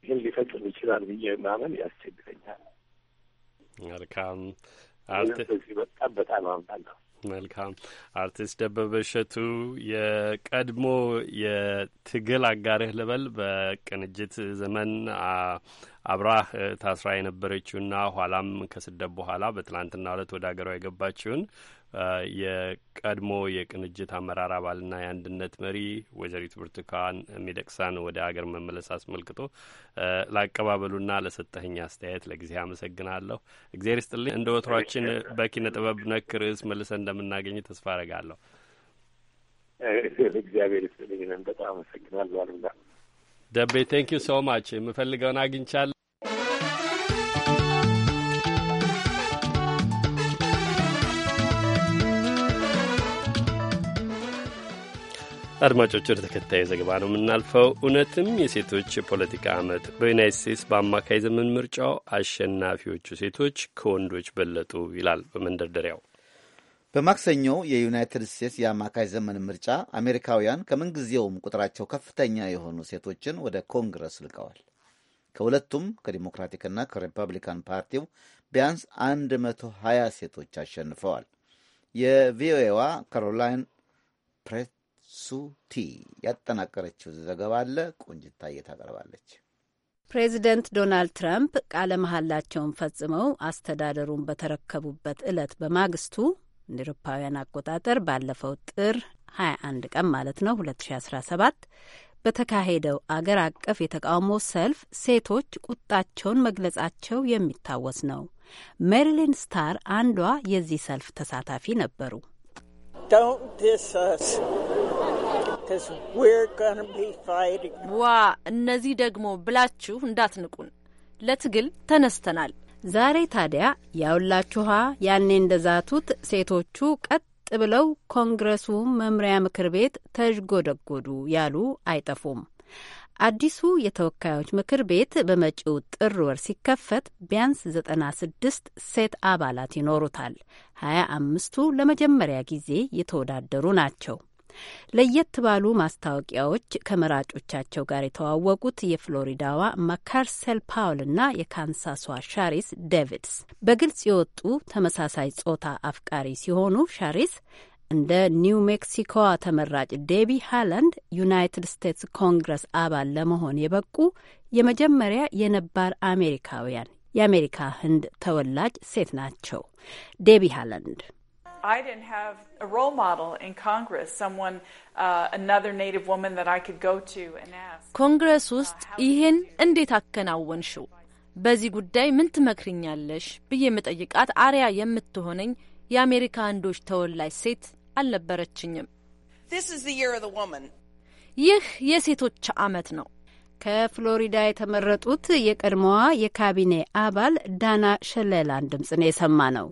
ይህን ሊፈጽም ይችላል ብዬ ማመን ያስቸግረኛል። መልካም በዚህ በጣም በጣም አምናለሁ። መልካም አርቲስት ደበበ እሸቱ የቀድሞ የትግል አጋርህ ልበል በቅንጅት ዘመን አብራህ ታስራ የነበረችውና ኋላም ከስደት በኋላ በትላንትና ዕለት ወደ ሀገሯ የገባችውን የቀድሞ የቅንጅት አመራር አባልና የአንድነት መሪ ወይዘሪት ብርቱካን ሚደቅሳን ወደ አገር መመለስ አስመልክቶ ለአቀባበሉና ለሰጠኸኝ አስተያየት ለጊዜ አመሰግናለሁ። እግዚአብሔር ይስጥልኝ። እንደ ወትሯችን በኪነ ጥበብ ነክ ርዕስ መልሰ እንደምናገኝ ተስፋ አረጋለሁ። እግዚአብሔር ይስጥልኝ። በጣም አመሰግናለሁ አሉና ደቤ። ቴንክ ዩ ሶ ማች። የምፈልገውን አግኝቻለሁ። አድማጮች ወደ ተከታዩ ዘገባ ነው የምናልፈው። እውነትም የሴቶች የፖለቲካ ዓመት በዩናይት ስቴትስ በአማካይ ዘመን ምርጫው አሸናፊዎቹ ሴቶች ከወንዶች በለጡ ይላል በመንደርደሪያው። በማክሰኞው የዩናይትድ ስቴትስ የአማካይ ዘመን ምርጫ አሜሪካውያን ከምንጊዜውም ቁጥራቸው ከፍተኛ የሆኑ ሴቶችን ወደ ኮንግረስ ልቀዋል። ከሁለቱም ከዲሞክራቲክና ከሪፐብሊካን ፓርቲው ቢያንስ 120 ሴቶች አሸንፈዋል። የቪኦኤዋ ካሮላይን ፕሬት ሱቲ ያጠናቀረችው ዘገባ አለ። ቆንጅታዬ ታቀርባለች። ፕሬዚደንት ዶናልድ ትራምፕ ቃለ መሐላቸውን ፈጽመው አስተዳደሩን በተረከቡበት ዕለት በማግስቱ እንደ አውሮፓውያን አቆጣጠር ባለፈው ጥር 21 ቀን ማለት ነው 2017 በተካሄደው አገር አቀፍ የተቃውሞ ሰልፍ ሴቶች ቁጣቸውን መግለጻቸው የሚታወስ ነው። ሜሪሊን ስታር አንዷ የዚህ ሰልፍ ተሳታፊ ነበሩ። ዋ እነዚህ ደግሞ ብላችሁ እንዳትንቁን፣ ለትግል ተነስተናል። ዛሬ ታዲያ ያውላችኋ ያኔ እንደዛቱት ሴቶቹ ቀጥ ብለው ኮንግረሱ መምሪያ ምክር ቤት ተዥጎደጎዱ ያሉ አይጠፉም። አዲሱ የተወካዮች ምክር ቤት በመጪው ጥር ወር ሲከፈት ቢያንስ 96 ሴት አባላት ይኖሩታል። 25ቱ ለመጀመሪያ ጊዜ የተወዳደሩ ናቸው። ለየት ባሉ ማስታወቂያዎች ከመራጮቻቸው ጋር የተዋወቁት የፍሎሪዳዋ ማካርሰል እና የካንሳሷ ሻሪስ ዴቪድስ በግልጽ የወጡ ተመሳሳይ ጾታ አፍቃሪ ሲሆኑ ሻሪስ እንደ ኒው ሜክሲኮዋ ተመራጭ ዴቢ ሃላንድ ዩናይትድ ስቴትስ ኮንግረስ አባል ለመሆን የበቁ የመጀመሪያ የነባር አሜሪካውያን የአሜሪካ ህንድ ተወላጅ ሴት ናቸው። ዴቢ ሃላንድ I didn't have a role model in Congress, someone, uh, another Native woman that I could go to and ask. ኮንግረስ uh, ውስጥ ይህን እንዴት አከናወንሽው? በዚህ ጉዳይ ምን ትመክርኛለሽ ብዬ መጠይቃት አሪያ የምትሆነኝ የአሜሪካ አንዶች ተወላጅ ሴት አልነበረችኝም። ይህ የሴቶች ዓመት ነው። ከፍሎሪዳ የተመረጡት የቀድሞዋ የካቢኔ አባል ዳና ሸለላን ድምፅ ነው የሰማ ነው።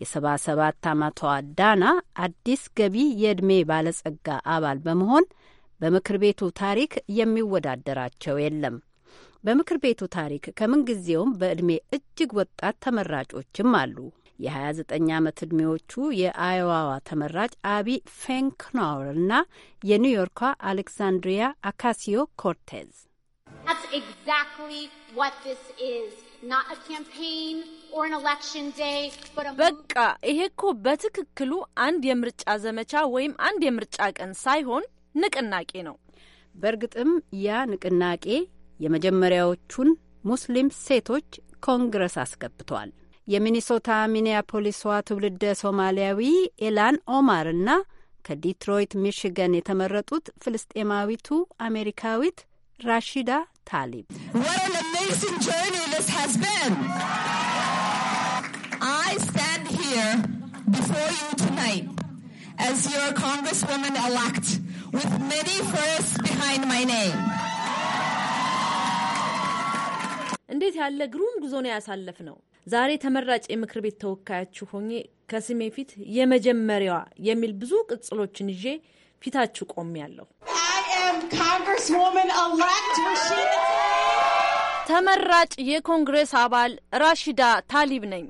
የሰባ ሰባት ዓመቷ ዳና አዲስ ገቢ የዕድሜ ባለጸጋ አባል በመሆን በምክር ቤቱ ታሪክ የሚወዳደራቸው የለም። በምክር ቤቱ ታሪክ ከምንጊዜውም በዕድሜ እጅግ ወጣት ተመራጮችም አሉ። የ29 ዓመት ዕድሜዎቹ የአዮዋዋ ተመራጭ አቢ ፌንክናወር እና የኒውዮርኳ አሌክሳንድሪያ አካሲዮ ኮርቴዝ That's exactly what this is. Not a campaign or an election day, but a... በቃ ይሄ እኮ በትክክሉ አንድ የምርጫ ዘመቻ ወይም አንድ የምርጫ ቀን ሳይሆን ንቅናቄ ነው። በእርግጥም ያ ንቅናቄ የመጀመሪያዎቹን ሙስሊም ሴቶች ኮንግረስ አስገብቷል። የሚኒሶታ ሚኒያፖሊሷ ትውልደ ሶማሊያዊ ኤላን ኦማር እና ከዲትሮይት ሚሽገን የተመረጡት ፍልስጤማዊቱ አሜሪካዊት ራሺዳ ታሊብ እንዴት ያለ ግሩም ጉዞ ነው ያሳለፍ ነው። ዛሬ ተመራጭ የምክር ቤት ተወካያችሁ ሆኜ ከስሜ ፊት የመጀመሪያዋ የሚል ብዙ ቅጽሎችን ይዤ ፊታችሁ ያለሁ። ተመራጭ የኮንግረስ አባል ራሺዳ ታሊብ ነኝ።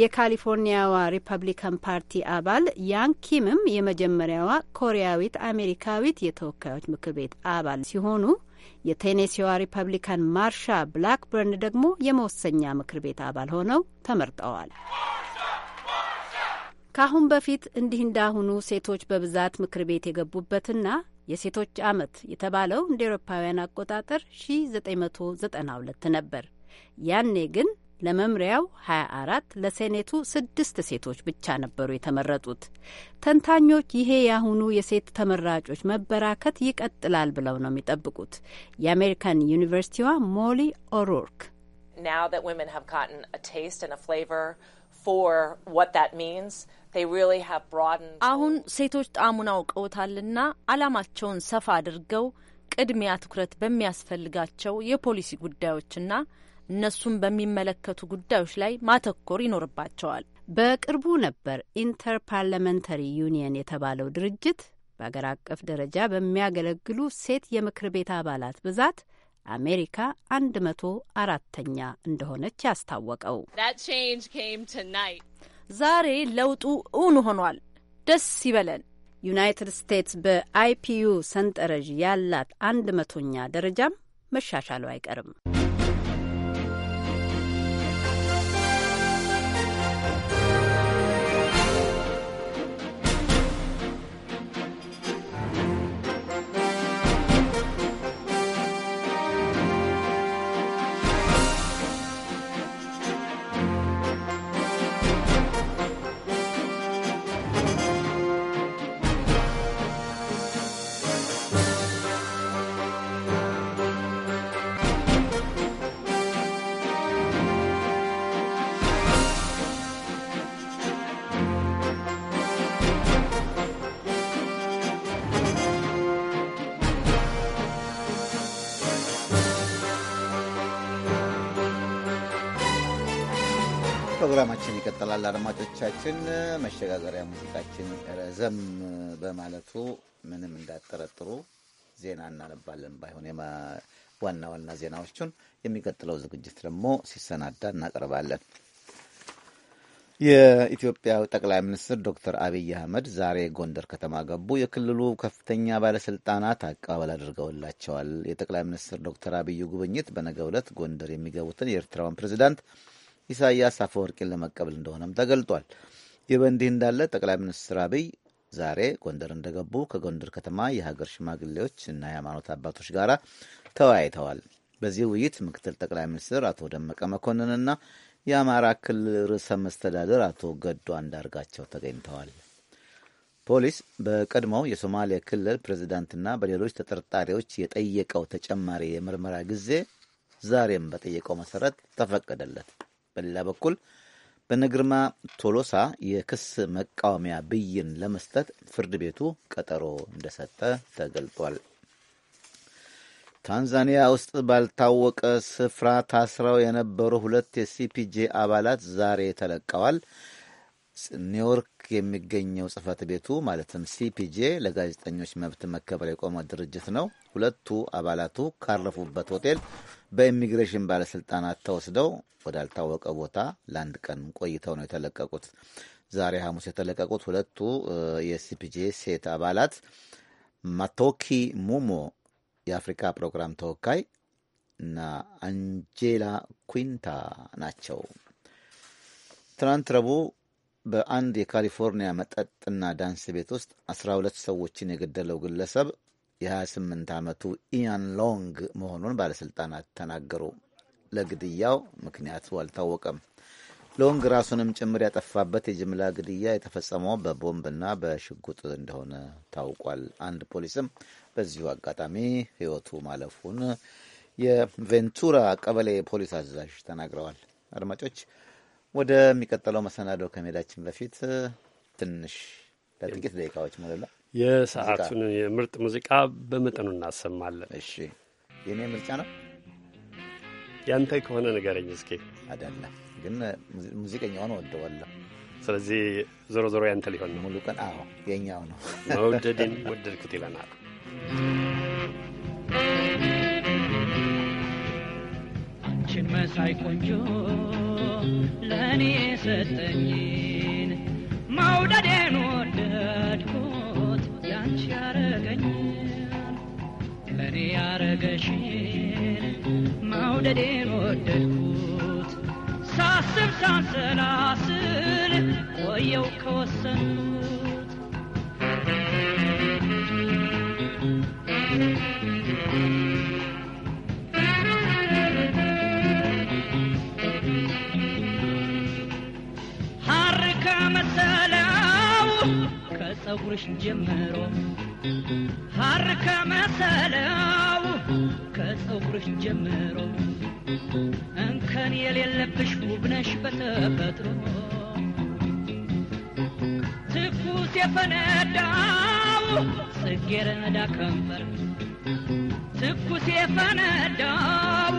የካሊፎርኒያዋ ሪፐብሊካን ፓርቲ አባል ያን ኪምም የመጀመሪያዋ ኮሪያዊት አሜሪካዊት የተወካዮች ምክር ቤት አባል ሲሆኑ የቴኔሲዋ ሪፐብሊካን ማርሻ ብላክበርን ደግሞ የመወሰኛ ምክር ቤት አባል ሆነው ተመርጠዋል። ከአሁን በፊት እንዲህ እንዳሁኑ ሴቶች በብዛት ምክር ቤት የገቡበትና የሴቶች አመት የተባለው እንደ ኤሮፓውያን አቆጣጠር 1992 ነበር። ያኔ ግን ለመምሪያው 24 ለሴኔቱ ስድስት ሴቶች ብቻ ነበሩ የተመረጡት። ተንታኞች ይሄ የአሁኑ የሴት ተመራጮች መበራከት ይቀጥላል ብለው ነው የሚጠብቁት። የአሜሪካን ዩኒቨርሲቲዋ ሞሊ ኦሮርክ አሁን ሴቶች ጣዕሙን አውቀውታልና ዓላማቸውን ሰፋ አድርገው ቅድሚያ ትኩረት በሚያስፈልጋቸው የፖሊሲ ጉዳዮችና እነሱን በሚመለከቱ ጉዳዮች ላይ ማተኮር ይኖርባቸዋል። በቅርቡ ነበር ኢንተር ፓርላመንተሪ ዩኒየን የተባለው ድርጅት በአገር አቀፍ ደረጃ በሚያገለግሉ ሴት የምክር ቤት አባላት ብዛት አሜሪካ አንድ መቶ አራተኛ እንደሆነች ያስታወቀው ዛሬ ለውጡ እውን ሆኗል። ደስ ይበለን። ዩናይትድ ስቴትስ በአይፒዩ ሰንጠረዥ ያላት አንድ መቶኛ ደረጃም መሻሻሉ አይቀርም። ፕሮግራማችን ይቀጥላል። አድማጮቻችን፣ መሸጋገሪያ ሙዚቃችን ረዘም በማለቱ ምንም እንዳጠረጥሩ ዜና እናነባለን። ባይሆን ዋና ዋና ዜናዎቹን የሚቀጥለው ዝግጅት ደግሞ ሲሰናዳ እናቀርባለን። የኢትዮጵያ ጠቅላይ ሚኒስትር ዶክተር አብይ አህመድ ዛሬ ጎንደር ከተማ ገቡ። የክልሉ ከፍተኛ ባለስልጣናት አቀባበል አድርገውላቸዋል። የጠቅላይ ሚኒስትር ዶክተር አብዩ ጉብኝት በነገው ዕለት ጎንደር የሚገቡትን የኤርትራውን ፕሬዚዳንት ኢሳያስ አፈወርቂን ለመቀበል እንደሆነም ተገልጧል። ይህ በእንዲህ እንዳለ ጠቅላይ ሚኒስትር አብይ ዛሬ ጎንደር እንደገቡ ከጎንደር ከተማ የሀገር ሽማግሌዎች እና የሃይማኖት አባቶች ጋር ተወያይተዋል። በዚህ ውይይት ምክትል ጠቅላይ ሚኒስትር አቶ ደመቀ መኮንንና የአማራ ክልል ርዕሰ መስተዳደር አቶ ገዱ አንዳርጋቸው ተገኝተዋል። ፖሊስ በቀድሞው የሶማሌ ክልል ፕሬዚዳንትና በሌሎች ተጠርጣሪዎች የጠየቀው ተጨማሪ የምርመራ ጊዜ ዛሬም በጠየቀው መሰረት ተፈቀደለት። በሌላ በኩል በነግርማ ቶሎሳ የክስ መቃወሚያ ብይን ለመስጠት ፍርድ ቤቱ ቀጠሮ እንደሰጠ ተገልጧል። ታንዛኒያ ውስጥ ባልታወቀ ስፍራ ታስረው የነበሩ ሁለት የሲፒጄ አባላት ዛሬ ተለቀዋል። ኒውዮርክ የሚገኘው ጽህፈት ቤቱ ማለትም ሲፒጄ ለጋዜጠኞች መብት መከበር የቆመ ድርጅት ነው። ሁለቱ አባላቱ ካረፉበት ሆቴል በኢሚግሬሽን ባለስልጣናት ተወስደው ወዳልታወቀ ቦታ ለአንድ ቀን ቆይተው ነው የተለቀቁት። ዛሬ ሐሙስ የተለቀቁት ሁለቱ የሲፒጄ ሴት አባላት ማቶኪ ሙሞ የአፍሪካ ፕሮግራም ተወካይ እና አንጄላ ኩንታ ናቸው። ትናንት ረቡዕ በአንድ የካሊፎርኒያ መጠጥና ዳንስ ቤት ውስጥ አስራ ሁለት ሰዎችን የገደለው ግለሰብ የ28 ዓመቱ ኢያን ሎንግ መሆኑን ባለሥልጣናት ተናገሩ። ለግድያው ምክንያቱ አልታወቀም። ሎንግ ራሱንም ጭምር ያጠፋበት የጅምላ ግድያ የተፈጸመው በቦምብና በሽጉጥ እንደሆነ ታውቋል። አንድ ፖሊስም በዚሁ አጋጣሚ ሕይወቱ ማለፉን የቬንቱራ ቀበሌ ፖሊስ አዛዥ ተናግረዋል። አድማጮች፣ ወደሚቀጥለው መሰናዶ ከመሄዳችን በፊት ትንሽ ለጥቂት ደቂቃዎች ሞላ የሰዓቱን የምርጥ ሙዚቃ በመጠኑ እናሰማለን። እሺ፣ የእኔ ምርጫ ነው። ያንተ ከሆነ ንገረኝ እስኪ። አዳለ ግን ሙዚቀኛውን ወደዋለሁ። ስለዚህ ዞሮ ዞሮ ያንተ ሊሆን ነው። ሙሉ ቀን አዎ፣ የኛው ነው። መውደድን ወደድኩት ይለናል። አንቺን መሳይ ቆንጆ ለእኔ የሰጠኝን መውደዴን ወደድኩ አንቺ ያረገኝ ለእኔ ያረገሽን መውደዴን ወደድኩት ሳስብ ሳንሰላስል ቆየው ከወሰኑት Thank you. ከጸጉርሽ ጀምሮ ሀር ከመሰለው ከጸጉርሽ ጀምሮ እንከን የሌለብሽ ውብነሽ በተፈጥሮ ትኩስ የፈነዳው ጽጌረዳ ከንፈር ትኩስ የፈነዳው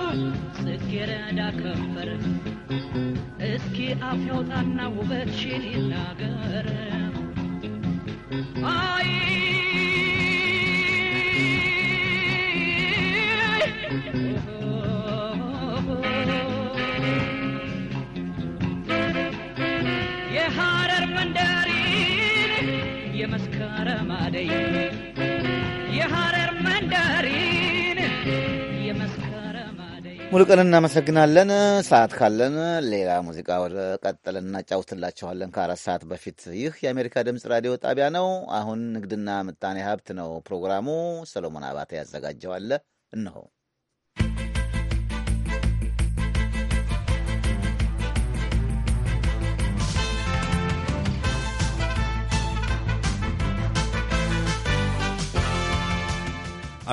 ጽጌረዳ ከንፈር እስኪ አፍ ያውጣና ውበትሽን ይናገር የሐረር መንደሪ የመስከረም አደይ የሐረር መንደሪ ሙሉቀን እናመሰግናለን። ሰዓት ካለን ሌላ ሙዚቃ ወደ ቀጠልን እናጫውትላችኋለን። ከአራት ሰዓት በፊት ይህ የአሜሪካ ድምፅ ራዲዮ ጣቢያ ነው። አሁን ንግድና ምጣኔ ሀብት ነው ፕሮግራሙ። ሰሎሞን አባተ ያዘጋጀዋለ እነሆ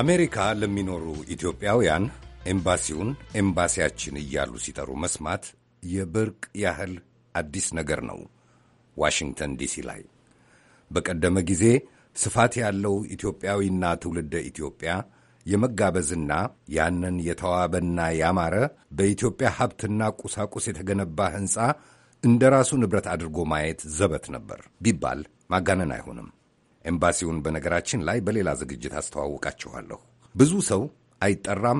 አሜሪካ ለሚኖሩ ኢትዮጵያውያን ኤምባሲውን ኤምባሲያችን እያሉ ሲጠሩ መስማት የብርቅ ያህል አዲስ ነገር ነው። ዋሽንግተን ዲሲ ላይ በቀደመ ጊዜ ስፋት ያለው ኢትዮጵያዊና ትውልደ ኢትዮጵያ የመጋበዝና ያንን የተዋበና ያማረ በኢትዮጵያ ሀብትና ቁሳቁስ የተገነባ ሕንፃ እንደ ራሱ ንብረት አድርጎ ማየት ዘበት ነበር ቢባል ማጋነን አይሆንም። ኤምባሲውን በነገራችን ላይ በሌላ ዝግጅት አስተዋውቃችኋለሁ። ብዙ ሰው አይጠራም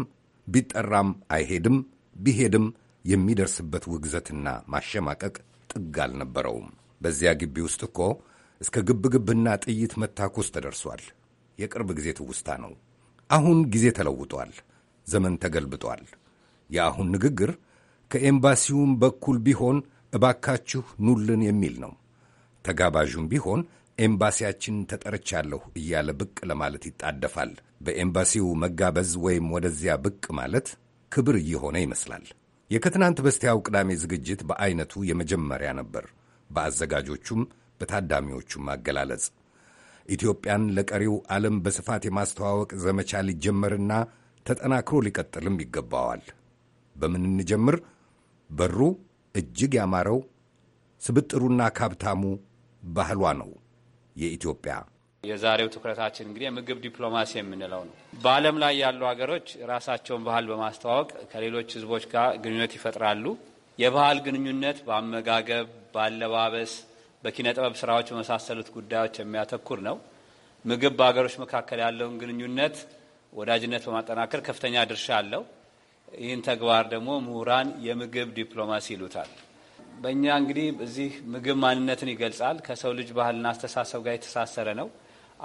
ቢጠራም አይሄድም፣ ቢሄድም የሚደርስበት ውግዘትና ማሸማቀቅ ጥግ አልነበረውም። በዚያ ግቢ ውስጥ እኮ እስከ ግብግብና ጥይት መታኮስ ተደርሷል። የቅርብ ጊዜ ትውስታ ነው። አሁን ጊዜ ተለውጧል። ዘመን ተገልብጧል። የአሁን ንግግር ከኤምባሲውም በኩል ቢሆን እባካችሁ ኑልን የሚል ነው። ተጋባዡም ቢሆን ኤምባሲያችን ተጠርቻለሁ እያለ ብቅ ለማለት ይጣደፋል። በኤምባሲው መጋበዝ ወይም ወደዚያ ብቅ ማለት ክብር እየሆነ ይመስላል። የከትናንት በስቲያው ቅዳሜ ዝግጅት በአይነቱ የመጀመሪያ ነበር። በአዘጋጆቹም በታዳሚዎቹም አገላለጽ ኢትዮጵያን ለቀሪው ዓለም በስፋት የማስተዋወቅ ዘመቻ ሊጀመርና ተጠናክሮ ሊቀጥልም ይገባዋል። በምን እንጀምር? በሩ እጅግ ያማረው ስብጥሩና ካብታሙ ባህሏ ነው። የኢትዮጵያ የዛሬው ትኩረታችን እንግዲህ የምግብ ዲፕሎማሲ የምንለው ነው። በዓለም ላይ ያሉ ሀገሮች ራሳቸውን ባህል በማስተዋወቅ ከሌሎች ህዝቦች ጋር ግንኙነት ይፈጥራሉ። የባህል ግንኙነት በአመጋገብ፣ በአለባበስ፣ በኪነ ጥበብ ስራዎች በመሳሰሉት ጉዳዮች የሚያተኩር ነው። ምግብ በሀገሮች መካከል ያለውን ግንኙነት፣ ወዳጅነት በማጠናከር ከፍተኛ ድርሻ አለው። ይህን ተግባር ደግሞ ምሁራን የምግብ ዲፕሎማሲ ይሉታል። በእኛ እንግዲህ እዚህ ምግብ ማንነትን ይገልጻል። ከሰው ልጅ ባህልና አስተሳሰብ ጋር የተሳሰረ ነው።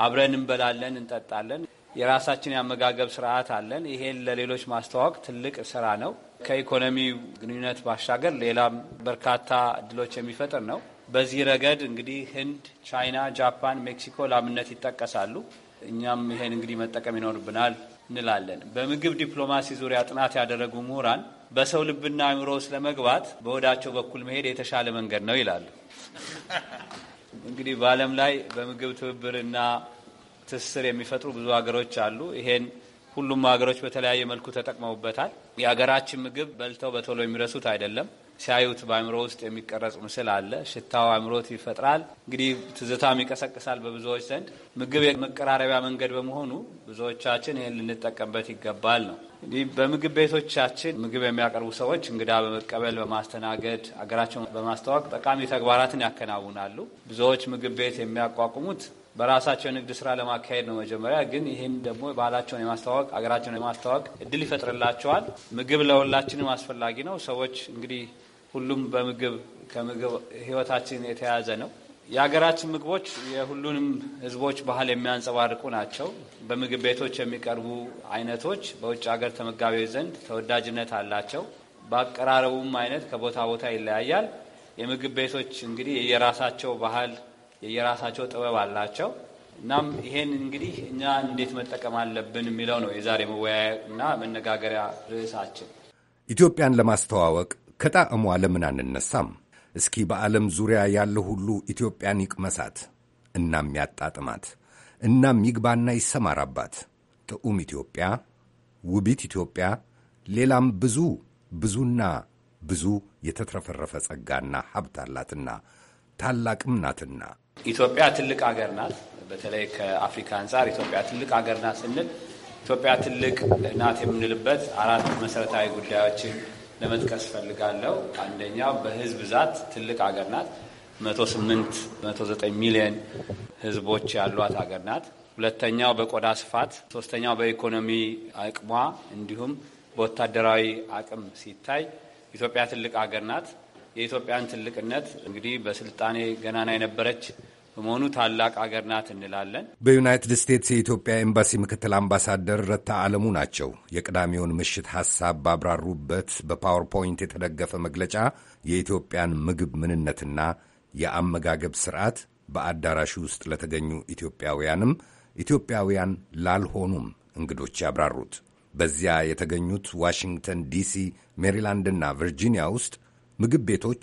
አብረን እንበላለን፣ እንጠጣለን። የራሳችን የአመጋገብ ስርዓት አለን። ይሄን ለሌሎች ማስተዋወቅ ትልቅ ስራ ነው። ከኢኮኖሚ ግንኙነት ባሻገር ሌላም በርካታ እድሎች የሚፈጥር ነው። በዚህ ረገድ እንግዲህ ህንድ፣ ቻይና፣ ጃፓን፣ ሜክሲኮ ላምነት ይጠቀሳሉ። እኛም ይሄን እንግዲህ መጠቀም ይኖርብናል እንላለን። በምግብ ዲፕሎማሲ ዙሪያ ጥናት ያደረጉ ምሁራን በሰው ልብና አእምሮ ውስጥ ለመግባት በወዳቸው በኩል መሄድ የተሻለ መንገድ ነው ይላሉ። እንግዲህ በዓለም ላይ በምግብ ትብብርና ትስስር የሚፈጥሩ ብዙ ሀገሮች አሉ። ይሄን ሁሉም ሀገሮች በተለያየ መልኩ ተጠቅመውበታል። የሀገራችን ምግብ በልተው በቶሎ የሚረሱት አይደለም። ሲያዩት በአእምሮ ውስጥ የሚቀረጽ ምስል አለ። ሽታው አእምሮት ይፈጥራል። እንግዲህ ትዝታም ይቀሰቅሳል በብዙዎች ዘንድ ምግብ የመቀራረቢያ መንገድ በመሆኑ ብዙዎቻችን ይህን ልንጠቀምበት ይገባል ነው በምግብ ቤቶቻችን ምግብ የሚያቀርቡ ሰዎች እንግዳ በመቀበል በማስተናገድ አገራቸውን በማስተዋወቅ ጠቃሚ ተግባራትን ያከናውናሉ። ብዙዎች ምግብ ቤት የሚያቋቁሙት በራሳቸው ንግድ ስራ ለማካሄድ ነው መጀመሪያ። ግን ይህም ደግሞ ባህላቸውን የማስተዋወቅ አገራቸውን የማስተዋወቅ እድል ይፈጥርላቸዋል። ምግብ ለሁላችንም አስፈላጊ ነው። ሰዎች እንግዲህ ሁሉም በምግብ ከምግብ ህይወታችን የተያያዘ ነው። የሀገራችን ምግቦች የሁሉንም ህዝቦች ባህል የሚያንጸባርቁ ናቸው። በምግብ ቤቶች የሚቀርቡ አይነቶች በውጭ ሀገር ተመጋቢዎች ዘንድ ተወዳጅነት አላቸው። በአቀራረቡም አይነት ከቦታ ቦታ ይለያያል። የምግብ ቤቶች እንግዲህ የየራሳቸው ባህል የየራሳቸው ጥበብ አላቸው። እናም ይሄን እንግዲህ እኛ እንዴት መጠቀም አለብን የሚለው ነው የዛሬ መወያያና መነጋገሪያ ርዕሳችን። ኢትዮጵያን ለማስተዋወቅ ከጣዕሟ ለምን አንነሳም? እስኪ በዓለም ዙሪያ ያለ ሁሉ ኢትዮጵያን ይቅመሳት፣ እናም ያጣጥማት፣ እናም ይግባና ይሰማራባት። ጥዑም ኢትዮጵያ፣ ውቢት ኢትዮጵያ፣ ሌላም ብዙ ብዙና ብዙ የተትረፈረፈ ጸጋና ሀብት አላትና ታላቅም ናትና። ኢትዮጵያ ትልቅ አገር ናት። በተለይ ከአፍሪካ አንጻር ኢትዮጵያ ትልቅ አገር ናት ስንል ኢትዮጵያ ትልቅ ናት የምንልበት አራት መሰረታዊ ጉዳዮችን ለመጥቀስ ፈልጋለሁ። አንደኛው በህዝብ ብዛት ትልቅ ሀገር ናት። 108 109 ሚሊዮን ህዝቦች ያሏት ሀገር ናት። ሁለተኛው በቆዳ ስፋት፣ ሶስተኛው በኢኮኖሚ አቅሟ እንዲሁም በወታደራዊ አቅም ሲታይ ኢትዮጵያ ትልቅ ሀገር ናት። የኢትዮጵያን ትልቅነት እንግዲህ በስልጣኔ ገናና የነበረች በመሆኑ ታላቅ አገር ናት እንላለን። በዩናይትድ ስቴትስ የኢትዮጵያ ኤምባሲ ምክትል አምባሳደር ረታ አለሙ ናቸው። የቅዳሜውን ምሽት ሐሳብ ባብራሩበት በፓወርፖይንት የተደገፈ መግለጫ የኢትዮጵያን ምግብ ምንነትና የአመጋገብ ስርዓት በአዳራሹ ውስጥ ለተገኙ ኢትዮጵያውያንም ኢትዮጵያውያን ላልሆኑም እንግዶች ያብራሩት። በዚያ የተገኙት ዋሽንግተን ዲሲ፣ ሜሪላንድና ቨርጂኒያ ውስጥ ምግብ ቤቶች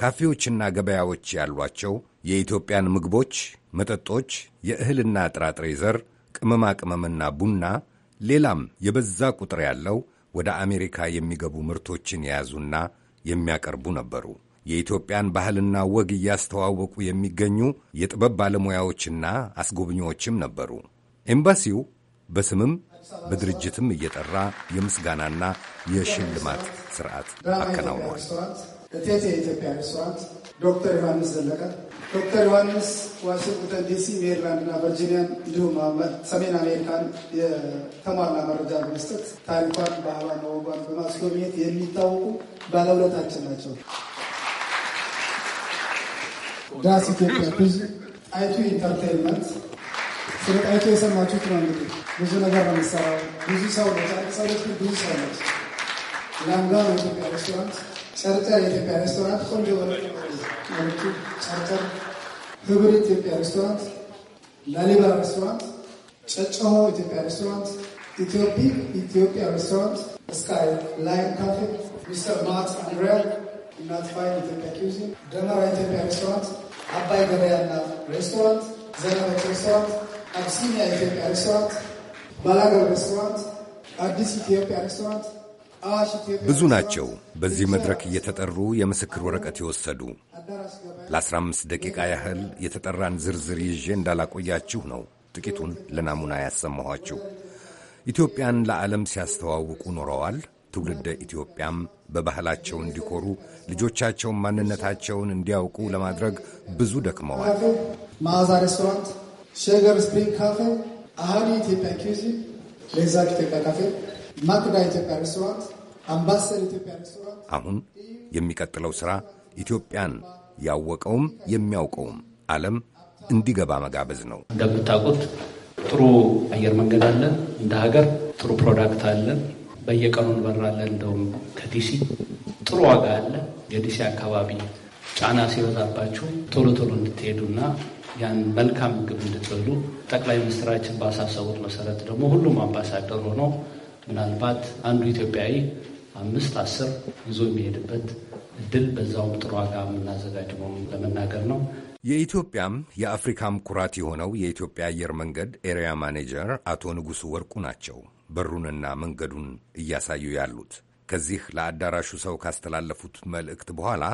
ካፌዎችና ገበያዎች ያሏቸው የኢትዮጵያን ምግቦች፣ መጠጦች፣ የእህልና ጥራጥሬ ዘር፣ ቅመማ ቅመምና ቡና፣ ሌላም የበዛ ቁጥር ያለው ወደ አሜሪካ የሚገቡ ምርቶችን የያዙና የሚያቀርቡ ነበሩ። የኢትዮጵያን ባህልና ወግ እያስተዋወቁ የሚገኙ የጥበብ ባለሙያዎችና አስጎብኚዎችም ነበሩ። ኤምባሲው በስምም በድርጅትም እየጠራ የምስጋናና የሽልማት ስርዓት አከናውኗል። እቴቴ የኢትዮጵያ ሬስቶራንት፣ ዶክተር ዮሐንስ ዘለቀ። ዶክተር ዮሐንስ ዋሽንግተን ዲሲ፣ ሜሪላንድ ሜሪላንድና ቨርጂኒያን እንዲሁም ሰሜን አሜሪካን የተሟላ መረጃ በመስጠት ታሪኳን፣ ባህሏን፣ ወጓን በማስጎብኘት የሚታወቁ ባለውለታችን ናቸው። ዳስ ኢትዮጵያ ብዙ ጣይቱ ኢንተርቴንመንት ስለ ጣይቱ የሰማችሁት ነው እንግዲህ ብዙ ነገር ነው የሚሰራው ብዙ ሰው ነው ሰዎች ብዙ ሰው ነው ላምጋ ነው ኢትዮጵያ ሬስቶራንት ቻርተር የኢትዮጵያ ሬስቶራንት ቆንጆ ወረቱ ቻርተር ህብር ኢትዮጵያ ሬስቶራንት፣ ላሊባ ሬስቶራንት፣ ጨጨሆ ኢትዮጵያ ሬስቶራንት፣ ኢትዮፒ ኢትዮጵያ ሬስቶራንት፣ ስካይ ላይን ካፌ፣ ሚስተር ማት አንድሪያል እናት ፋይን ኢትዮጵያ ኪዩዚን፣ ደመራ ኢትዮጵያ ሬስቶራንት፣ አባይ ገበያና ሬስቶራንት፣ ዘነበች ሬስቶራንት፣ አብሲኒያ ኢትዮጵያ ሬስቶራንት፣ ባላገር ሬስቶራንት፣ አዲስ ኢትዮጵያ ሬስቶራንት ብዙ ናቸው። በዚህ መድረክ እየተጠሩ የምስክር ወረቀት የወሰዱ ለ15 ደቂቃ ያህል የተጠራን ዝርዝር ይዤ እንዳላቆያችሁ ነው ጥቂቱን ለናሙና ያሰማኋችሁ። ኢትዮጵያን ለዓለም ሲያስተዋውቁ ኖረዋል። ትውልደ ኢትዮጵያም በባህላቸው እንዲኮሩ ልጆቻቸውን ማንነታቸውን እንዲያውቁ ለማድረግ ብዙ ደክመዋል። ማዛ ሬስቶራንት፣ ሸገር ስፕሪንግ ካፌ፣ አሃዲ ኢትዮጵያ ኪዚ፣ ሌዛ ኢትዮጵያ ካፌ፣ ማክዳ ኢትዮጵያ ሬስቶራንት አሁን የሚቀጥለው ሥራ ኢትዮጵያን ያወቀውም የሚያውቀውም ዓለም እንዲገባ መጋበዝ ነው። እንደምታውቁት ጥሩ አየር መንገድ አለን፣ እንደ ሀገር ጥሩ ፕሮዳክት አለን። በየቀኑ እንበራለን። እንደውም ከዲሲ ጥሩ ዋጋ አለ። የዲሲ አካባቢ ጫና ሲበዛባችሁ ቶሎ ቶሎ እንድትሄዱና ያን መልካም ምግብ እንድትበሉ ጠቅላይ ሚኒስትራችን ባሳሰቡት መሰረት ደግሞ ሁሉም አምባሳደር ሆኖ ምናልባት አንዱ ኢትዮጵያዊ አምስት አስር ይዞ የሚሄድበት እድል በዛውም ጥሩ ዋጋ የምናዘጋጅ መሆኑን ለመናገር ነው። የኢትዮጵያም የአፍሪካም ኩራት የሆነው የኢትዮጵያ አየር መንገድ ኤሪያ ማኔጀር አቶ ንጉሱ ወርቁ ናቸው በሩንና መንገዱን እያሳዩ ያሉት። ከዚህ ለአዳራሹ ሰው ካስተላለፉት መልእክት በኋላ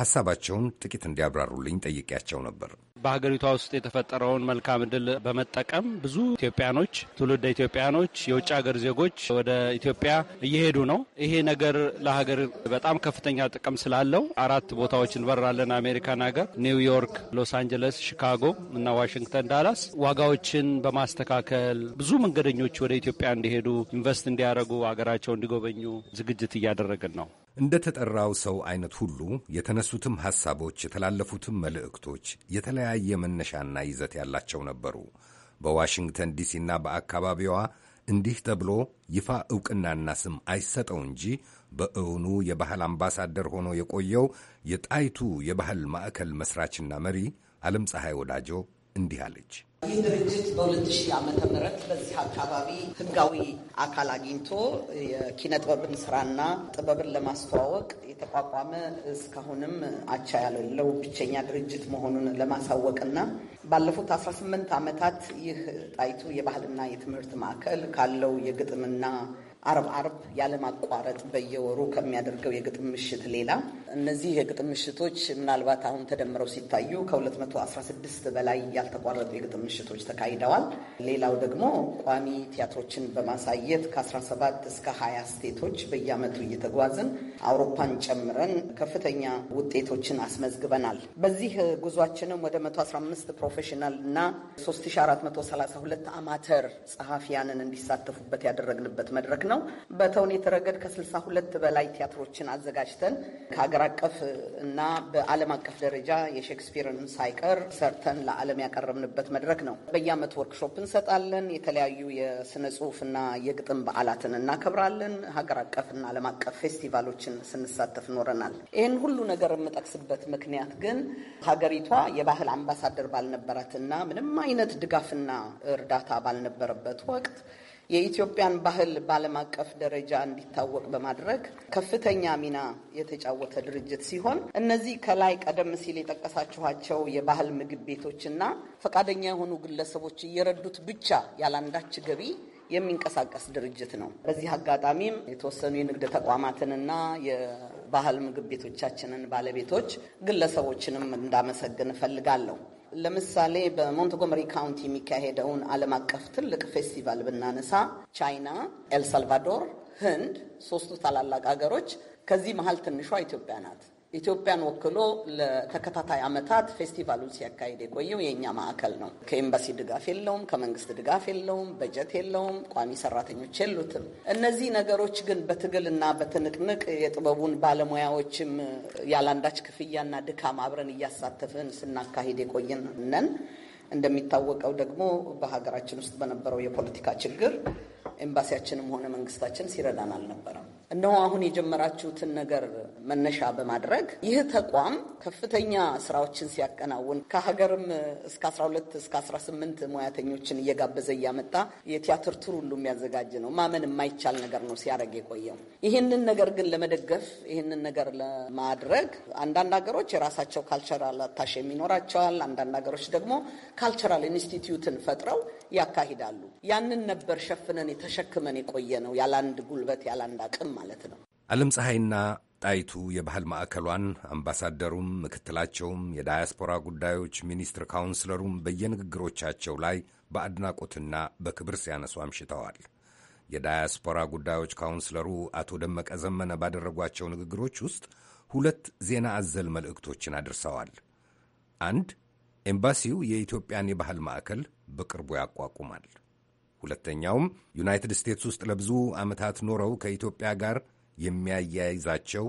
ሐሳባቸውን ጥቂት እንዲያብራሩልኝ ጠይቄያቸው ነበር። በሀገሪቷ ውስጥ የተፈጠረውን መልካም እድል በመጠቀም ብዙ ኢትዮጵያኖች፣ ትውልደ ኢትዮጵያኖች፣ የውጭ ሀገር ዜጎች ወደ ኢትዮጵያ እየሄዱ ነው። ይሄ ነገር ለሀገር በጣም ከፍተኛ ጥቅም ስላለው አራት ቦታዎች እንበራለን። አሜሪካን ሀገር ኒውዮርክ፣ ሎስ አንጀለስ፣ ሺካጎ እና ዋሽንግተን ዳላስ። ዋጋዎችን በማስተካከል ብዙ መንገደኞች ወደ ኢትዮጵያ እንዲሄዱ ኢንቨስት እንዲያደርጉ ሀገራቸው እንዲጎበኙ ዝግጅት እያደረግን ነው። እንደ ተጠራው ሰው አይነት ሁሉ የተነሱትም ሀሳቦች የተላለፉትም መልእክቶች የተለያዩ የተለያየ መነሻና ይዘት ያላቸው ነበሩ። በዋሽንግተን ዲሲና በአካባቢዋ እንዲህ ተብሎ ይፋ ዕውቅናና ስም አይሰጠው እንጂ በእውኑ የባህል አምባሳደር ሆኖ የቆየው የጣይቱ የባህል ማዕከል መስራችና መሪ ዓለም ፀሐይ ወዳጆ እንዲህ አለች። ይህ ድርጅት በ 2000 ዓ ም በዚህ አካባቢ ህጋዊ አካል አግኝቶ የኪነ ጥበብን ስራና ጥበብን ለማስተዋወቅ የተቋቋመ እስካሁንም አቻ ያለለው ብቸኛ ድርጅት መሆኑን ለማሳወቅና ባለፉት 18 ዓመታት ይህ ጣይቱ የባህልና የትምህርት ማዕከል ካለው የግጥምና አርብ አርብ ያለማቋረጥ በየወሩ ከሚያደርገው የግጥም ምሽት ሌላ እነዚህ የግጥም ምሽቶች ምናልባት አሁን ተደምረው ሲታዩ ከ216 በላይ ያልተቋረጡ የግጥም ምሽቶች ተካሂደዋል። ሌላው ደግሞ ቋሚ ቲያትሮችን በማሳየት ከ17 እስከ 20 ስቴቶች በየዓመቱ እየተጓዝን አውሮፓን ጨምረን ከፍተኛ ውጤቶችን አስመዝግበናል። በዚህ ጉዟችንም ወደ 115 ፕሮፌሽናል እና 3432 አማተር ጸሐፊያንን እንዲሳተፉበት ያደረግንበት መድረክ ነው። ነው። በተውኔት ረገድ ከስልሳ ሁለት በላይ ቲያትሮችን አዘጋጅተን ከሀገር አቀፍ እና በዓለም አቀፍ ደረጃ የሼክስፒርን ሳይቀር ሰርተን ለዓለም ያቀረብንበት መድረክ ነው። በየዓመት ወርክሾፕ እንሰጣለን። የተለያዩ የስነ ጽሁፍና የግጥም በዓላትን እናከብራለን። ሀገር አቀፍና ዓለም አቀፍ ፌስቲቫሎችን ስንሳተፍ ኖረናል። ይህን ሁሉ ነገር የምጠቅስበት ምክንያት ግን ሀገሪቷ የባህል አምባሳደር ባልነበራትና ምንም አይነት ድጋፍና እርዳታ ባልነበረበት ወቅት የኢትዮጵያን ባህል በዓለም አቀፍ ደረጃ እንዲታወቅ በማድረግ ከፍተኛ ሚና የተጫወተ ድርጅት ሲሆን እነዚህ ከላይ ቀደም ሲል የጠቀሳችኋቸው የባህል ምግብ ቤቶችና ፈቃደኛ የሆኑ ግለሰቦች እየረዱት ብቻ ያላንዳች ገቢ የሚንቀሳቀስ ድርጅት ነው። በዚህ አጋጣሚም የተወሰኑ የንግድ ተቋማትንና የባህል ምግብ ቤቶቻችንን ባለቤቶች ግለሰቦችንም እንዳመሰግን እፈልጋለሁ። ለምሳሌ በሞንትጎመሪ ካውንቲ የሚካሄደውን ዓለም አቀፍ ትልቅ ፌስቲቫል ብናነሳ ቻይና፣ ኤልሳልቫዶር፣ ህንድ ሶስቱ ታላላቅ ሀገሮች ከዚህ መሀል ትንሿ ኢትዮጵያ ናት። ኢትዮጵያን ወክሎ ለተከታታይ ዓመታት ፌስቲቫሉን ሲያካሂድ የቆየው የእኛ ማዕከል ነው። ከኤምባሲ ድጋፍ የለውም፣ ከመንግስት ድጋፍ የለውም፣ በጀት የለውም፣ ቋሚ ሰራተኞች የሉትም። እነዚህ ነገሮች ግን በትግልና በትንቅንቅ የጥበቡን ባለሙያዎችም ያላንዳች ክፍያና ድካም አብረን እያሳተፍን ስናካሂድ የቆየን ነን። እንደሚታወቀው ደግሞ በሀገራችን ውስጥ በነበረው የፖለቲካ ችግር ኤምባሲያችንም ሆነ መንግስታችን ሲረዳን አልነበረም። እነሆ አሁን የጀመራችሁትን ነገር መነሻ በማድረግ ይህ ተቋም ከፍተኛ ስራዎችን ሲያከናውን ከሀገርም እስከ 12 እስከ 18 ሙያተኞችን እየጋበዘ እያመጣ የቲያትር ቱር ሁሉ የሚያዘጋጅ ነው። ማመን የማይቻል ነገር ነው ሲያደርግ የቆየው። ይህንን ነገር ግን ለመደገፍ ይህንን ነገር ለማድረግ አንዳንድ ሀገሮች የራሳቸው ካልቸራል አታሼ ይኖራቸዋል። አንዳንድ ሀገሮች ደግሞ ካልቸራል ኢንስቲትዩትን ፈጥረው ያካሂዳሉ። ያንን ነበር ሸፍነን የተሸክመን የቆየ ነው ያለ አንድ ጉልበት ያለ አንድ አቅም ማለት ነው። ዓለም ፀሐይና ጣይቱ የባህል ማዕከሏን አምባሳደሩም፣ ምክትላቸውም፣ የዳያስፖራ ጉዳዮች ሚኒስትር ካውንስለሩም በየንግግሮቻቸው ላይ በአድናቆትና በክብር ሲያነሱ አምሽተዋል። የዳያስፖራ ጉዳዮች ካውንስለሩ አቶ ደመቀ ዘመነ ባደረጓቸው ንግግሮች ውስጥ ሁለት ዜና አዘል መልእክቶችን አድርሰዋል። አንድ ኤምባሲው የኢትዮጵያን የባህል ማዕከል በቅርቡ ያቋቁማል። ሁለተኛውም ዩናይትድ ስቴትስ ውስጥ ለብዙ ዓመታት ኖረው ከኢትዮጵያ ጋር የሚያያይዛቸው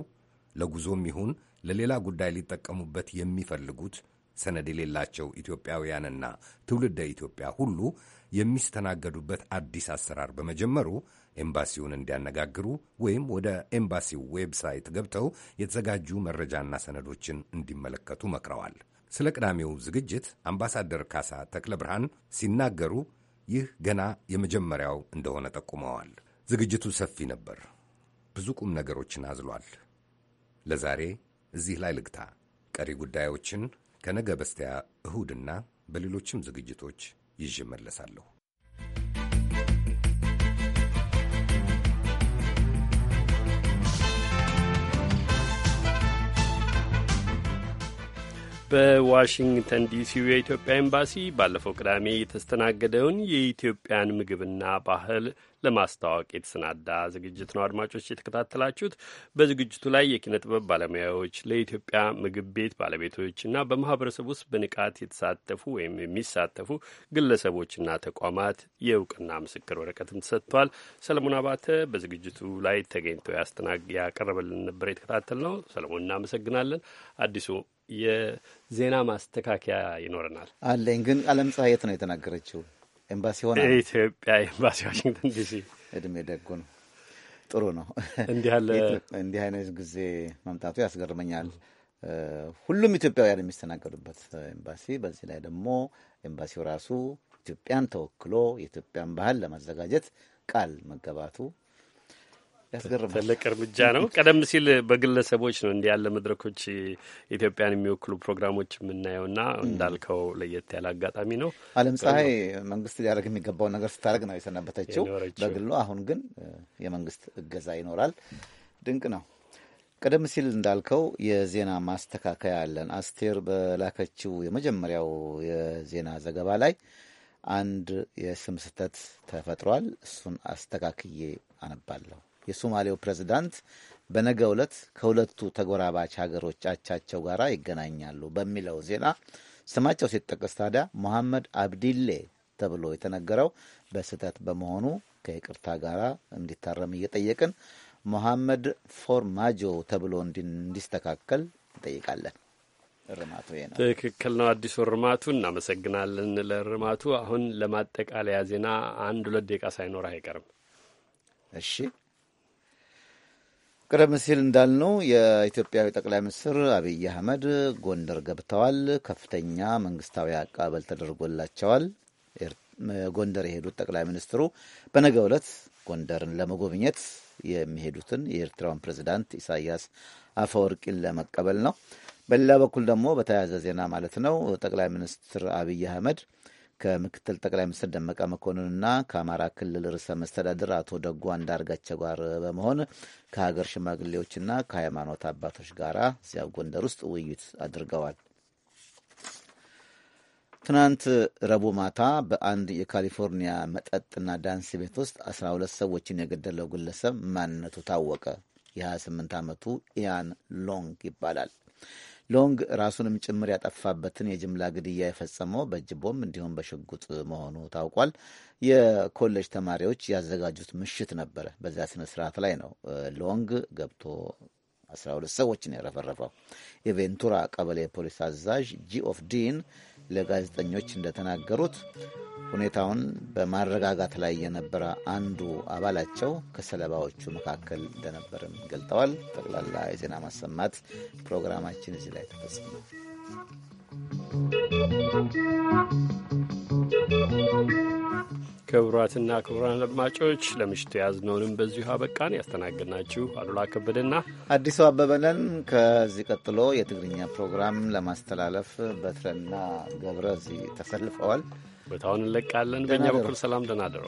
ለጉዞም ይሁን ለሌላ ጉዳይ ሊጠቀሙበት የሚፈልጉት ሰነድ የሌላቸው ኢትዮጵያውያንና ትውልደ ኢትዮጵያ ሁሉ የሚስተናገዱበት አዲስ አሰራር በመጀመሩ ኤምባሲውን እንዲያነጋግሩ ወይም ወደ ኤምባሲው ዌብሳይት ገብተው የተዘጋጁ መረጃና ሰነዶችን እንዲመለከቱ መክረዋል። ስለ ቅዳሜው ዝግጅት አምባሳደር ካሳ ተክለ ብርሃን ሲናገሩ ይህ ገና የመጀመሪያው እንደሆነ ጠቁመዋል። ዝግጅቱ ሰፊ ነበር፣ ብዙ ቁም ነገሮችን አዝሏል። ለዛሬ እዚህ ላይ ልግታ። ቀሪ ጉዳዮችን ከነገ በስቲያ እሁድና በሌሎችም ዝግጅቶች ይዤ መለሳለሁ። በዋሽንግተን ዲሲው የኢትዮጵያ ኤምባሲ ባለፈው ቅዳሜ የተስተናገደውን የኢትዮጵያን ምግብና ባህል ለማስተዋወቅ የተሰናዳ ዝግጅት ነው። አድማጮች የተከታተላችሁት። በዝግጅቱ ላይ የኪነ ጥበብ ባለሙያዎች፣ ለኢትዮጵያ ምግብ ቤት ባለቤቶች ና በማህበረሰብ ውስጥ በንቃት የተሳተፉ ወይም የሚሳተፉ ግለሰቦችና ተቋማት የእውቅና ምስክር ወረቀትም ተሰጥቷል። ሰለሞን አባተ በዝግጅቱ ላይ ተገኝቶ ያስተናግ ያቀረበልን ነበር የተከታተል ነው። ሰለሞን እናመሰግናለን። አዲሱ የዜና ማስተካከያ ይኖረናል አለኝ። ግን አለም ፀሐይ የት ነው የተናገረችው? ኤምባሲ ሆና ኢትዮጵያ ኤምባሲ ዋሽንግተን ዲሲ። እድሜ ደጉ ነው። ጥሩ ነው። እንዲህ እንዲህ አይነት ጊዜ መምጣቱ ያስገርመኛል። ሁሉም ኢትዮጵያውያን የሚስተናገዱበት ኤምባሲ፣ በዚህ ላይ ደግሞ ኤምባሲው ራሱ ኢትዮጵያን ተወክሎ የኢትዮጵያን ባህል ለማዘጋጀት ቃል መገባቱ ያስገርማል። ትልቅ እርምጃ ነው። ቀደም ሲል በግለሰቦች ነው እንዲህ ያለ መድረኮች ኢትዮጵያን የሚወክሉ ፕሮግራሞች የምናየው ና እንዳልከው ለየት ያለ አጋጣሚ ነው። አለም ፀሐይ መንግስት ሊያደርግ የሚገባው ነገር ስታደርግ ነው የሰነበተችው በግሉ። አሁን ግን የመንግስት እገዛ ይኖራል። ድንቅ ነው። ቀደም ሲል እንዳልከው የዜና ማስተካከያ አለን። አስቴር በላከችው የመጀመሪያው የዜና ዘገባ ላይ አንድ የስም ስህተት ተፈጥሯል። እሱን አስተካክዬ አነባለሁ። የሶማሌው ፕሬዚዳንት በነገ ዕለት ከሁለቱ ተጎራባች ሀገሮች አቻቸው ጋር ይገናኛሉ በሚለው ዜና ስማቸው ሲጠቀስ ታዲያ መሐመድ አብዲሌ ተብሎ የተነገረው በስህተት በመሆኑ ከይቅርታ ጋር እንዲታረም እየጠየቅን መሐመድ ፎርማጆ ተብሎ እንዲስተካከል እንጠይቃለን። እርማቱ ነው። ትክክል ነው። አዲሱ እርማቱ እናመሰግናለን ለእርማቱ። አሁን ለማጠቃለያ ዜና አንድ ሁለት ደቂቃ ሳይኖር አይቀርም። እሺ ቀደም ሲል እንዳልነው የኢትዮጵያዊ ጠቅላይ ሚኒስትር አብይ አህመድ ጎንደር ገብተዋል። ከፍተኛ መንግስታዊ አቀባበል ተደርጎላቸዋል። ጎንደር የሄዱት ጠቅላይ ሚኒስትሩ በነገ ዕለት ጎንደርን ለመጎብኘት የሚሄዱትን የኤርትራውን ፕሬዚዳንት ኢሳያስ አፈወርቂን ለመቀበል ነው። በሌላ በኩል ደግሞ በተያያዘ ዜና ማለት ነው ጠቅላይ ሚኒስትር አብይ አህመድ ከምክትል ጠቅላይ ሚኒስትር ደመቀ መኮንንና ከአማራ ክልል ርዕሰ መስተዳድር አቶ ደጉ አንዳርጋቸው ጋር በመሆን ከሀገር ሽማግሌዎችና ከሃይማኖት አባቶች ጋር እዚያው ጎንደር ውስጥ ውይይት አድርገዋል። ትናንት ረቡዕ ማታ በአንድ የካሊፎርኒያ መጠጥና ዳንስ ቤት ውስጥ 12 ሰዎችን የገደለው ግለሰብ ማንነቱ ታወቀ። የ28 ዓመቱ ኢያን ሎንግ ይባላል። ሎንግ ራሱንም ጭምር ያጠፋበትን የጅምላ ግድያ የፈጸመው በእጅ ቦምብ እንዲሁም በሽጉጥ መሆኑ ታውቋል። የኮሌጅ ተማሪዎች ያዘጋጁት ምሽት ነበረ። በዚያ ስነ ስርዓት ላይ ነው ሎንግ ገብቶ አስራ ሁለት ሰዎችን ያረፈረፈው። የቬንቱራ ቀበሌ ፖሊስ አዛዥ ኦፍ ዲን ለጋዜጠኞች እንደተናገሩት ሁኔታውን በማረጋጋት ላይ የነበረ አንዱ አባላቸው ከሰለባዎቹ መካከል እንደነበርም ገልጠዋል። ጠቅላላ የዜና ማሰማት ፕሮግራማችን እዚህ ላይ ተፈጽሟል። Thank you. ክቡራትና ክቡራን አድማጮች ለምሽቱ የያዝነውንም በዚሁ አበቃን። ያስተናግድናችሁ አሉላ ከበደና አዲሱ አበበለን ከዚህ ቀጥሎ የትግርኛ ፕሮግራም ለማስተላለፍ በትረና ገብረ እዚህ ተሰልፈዋል። ቦታውን እንለቃለን። በእኛ በኩል ሰላም፣ ደህና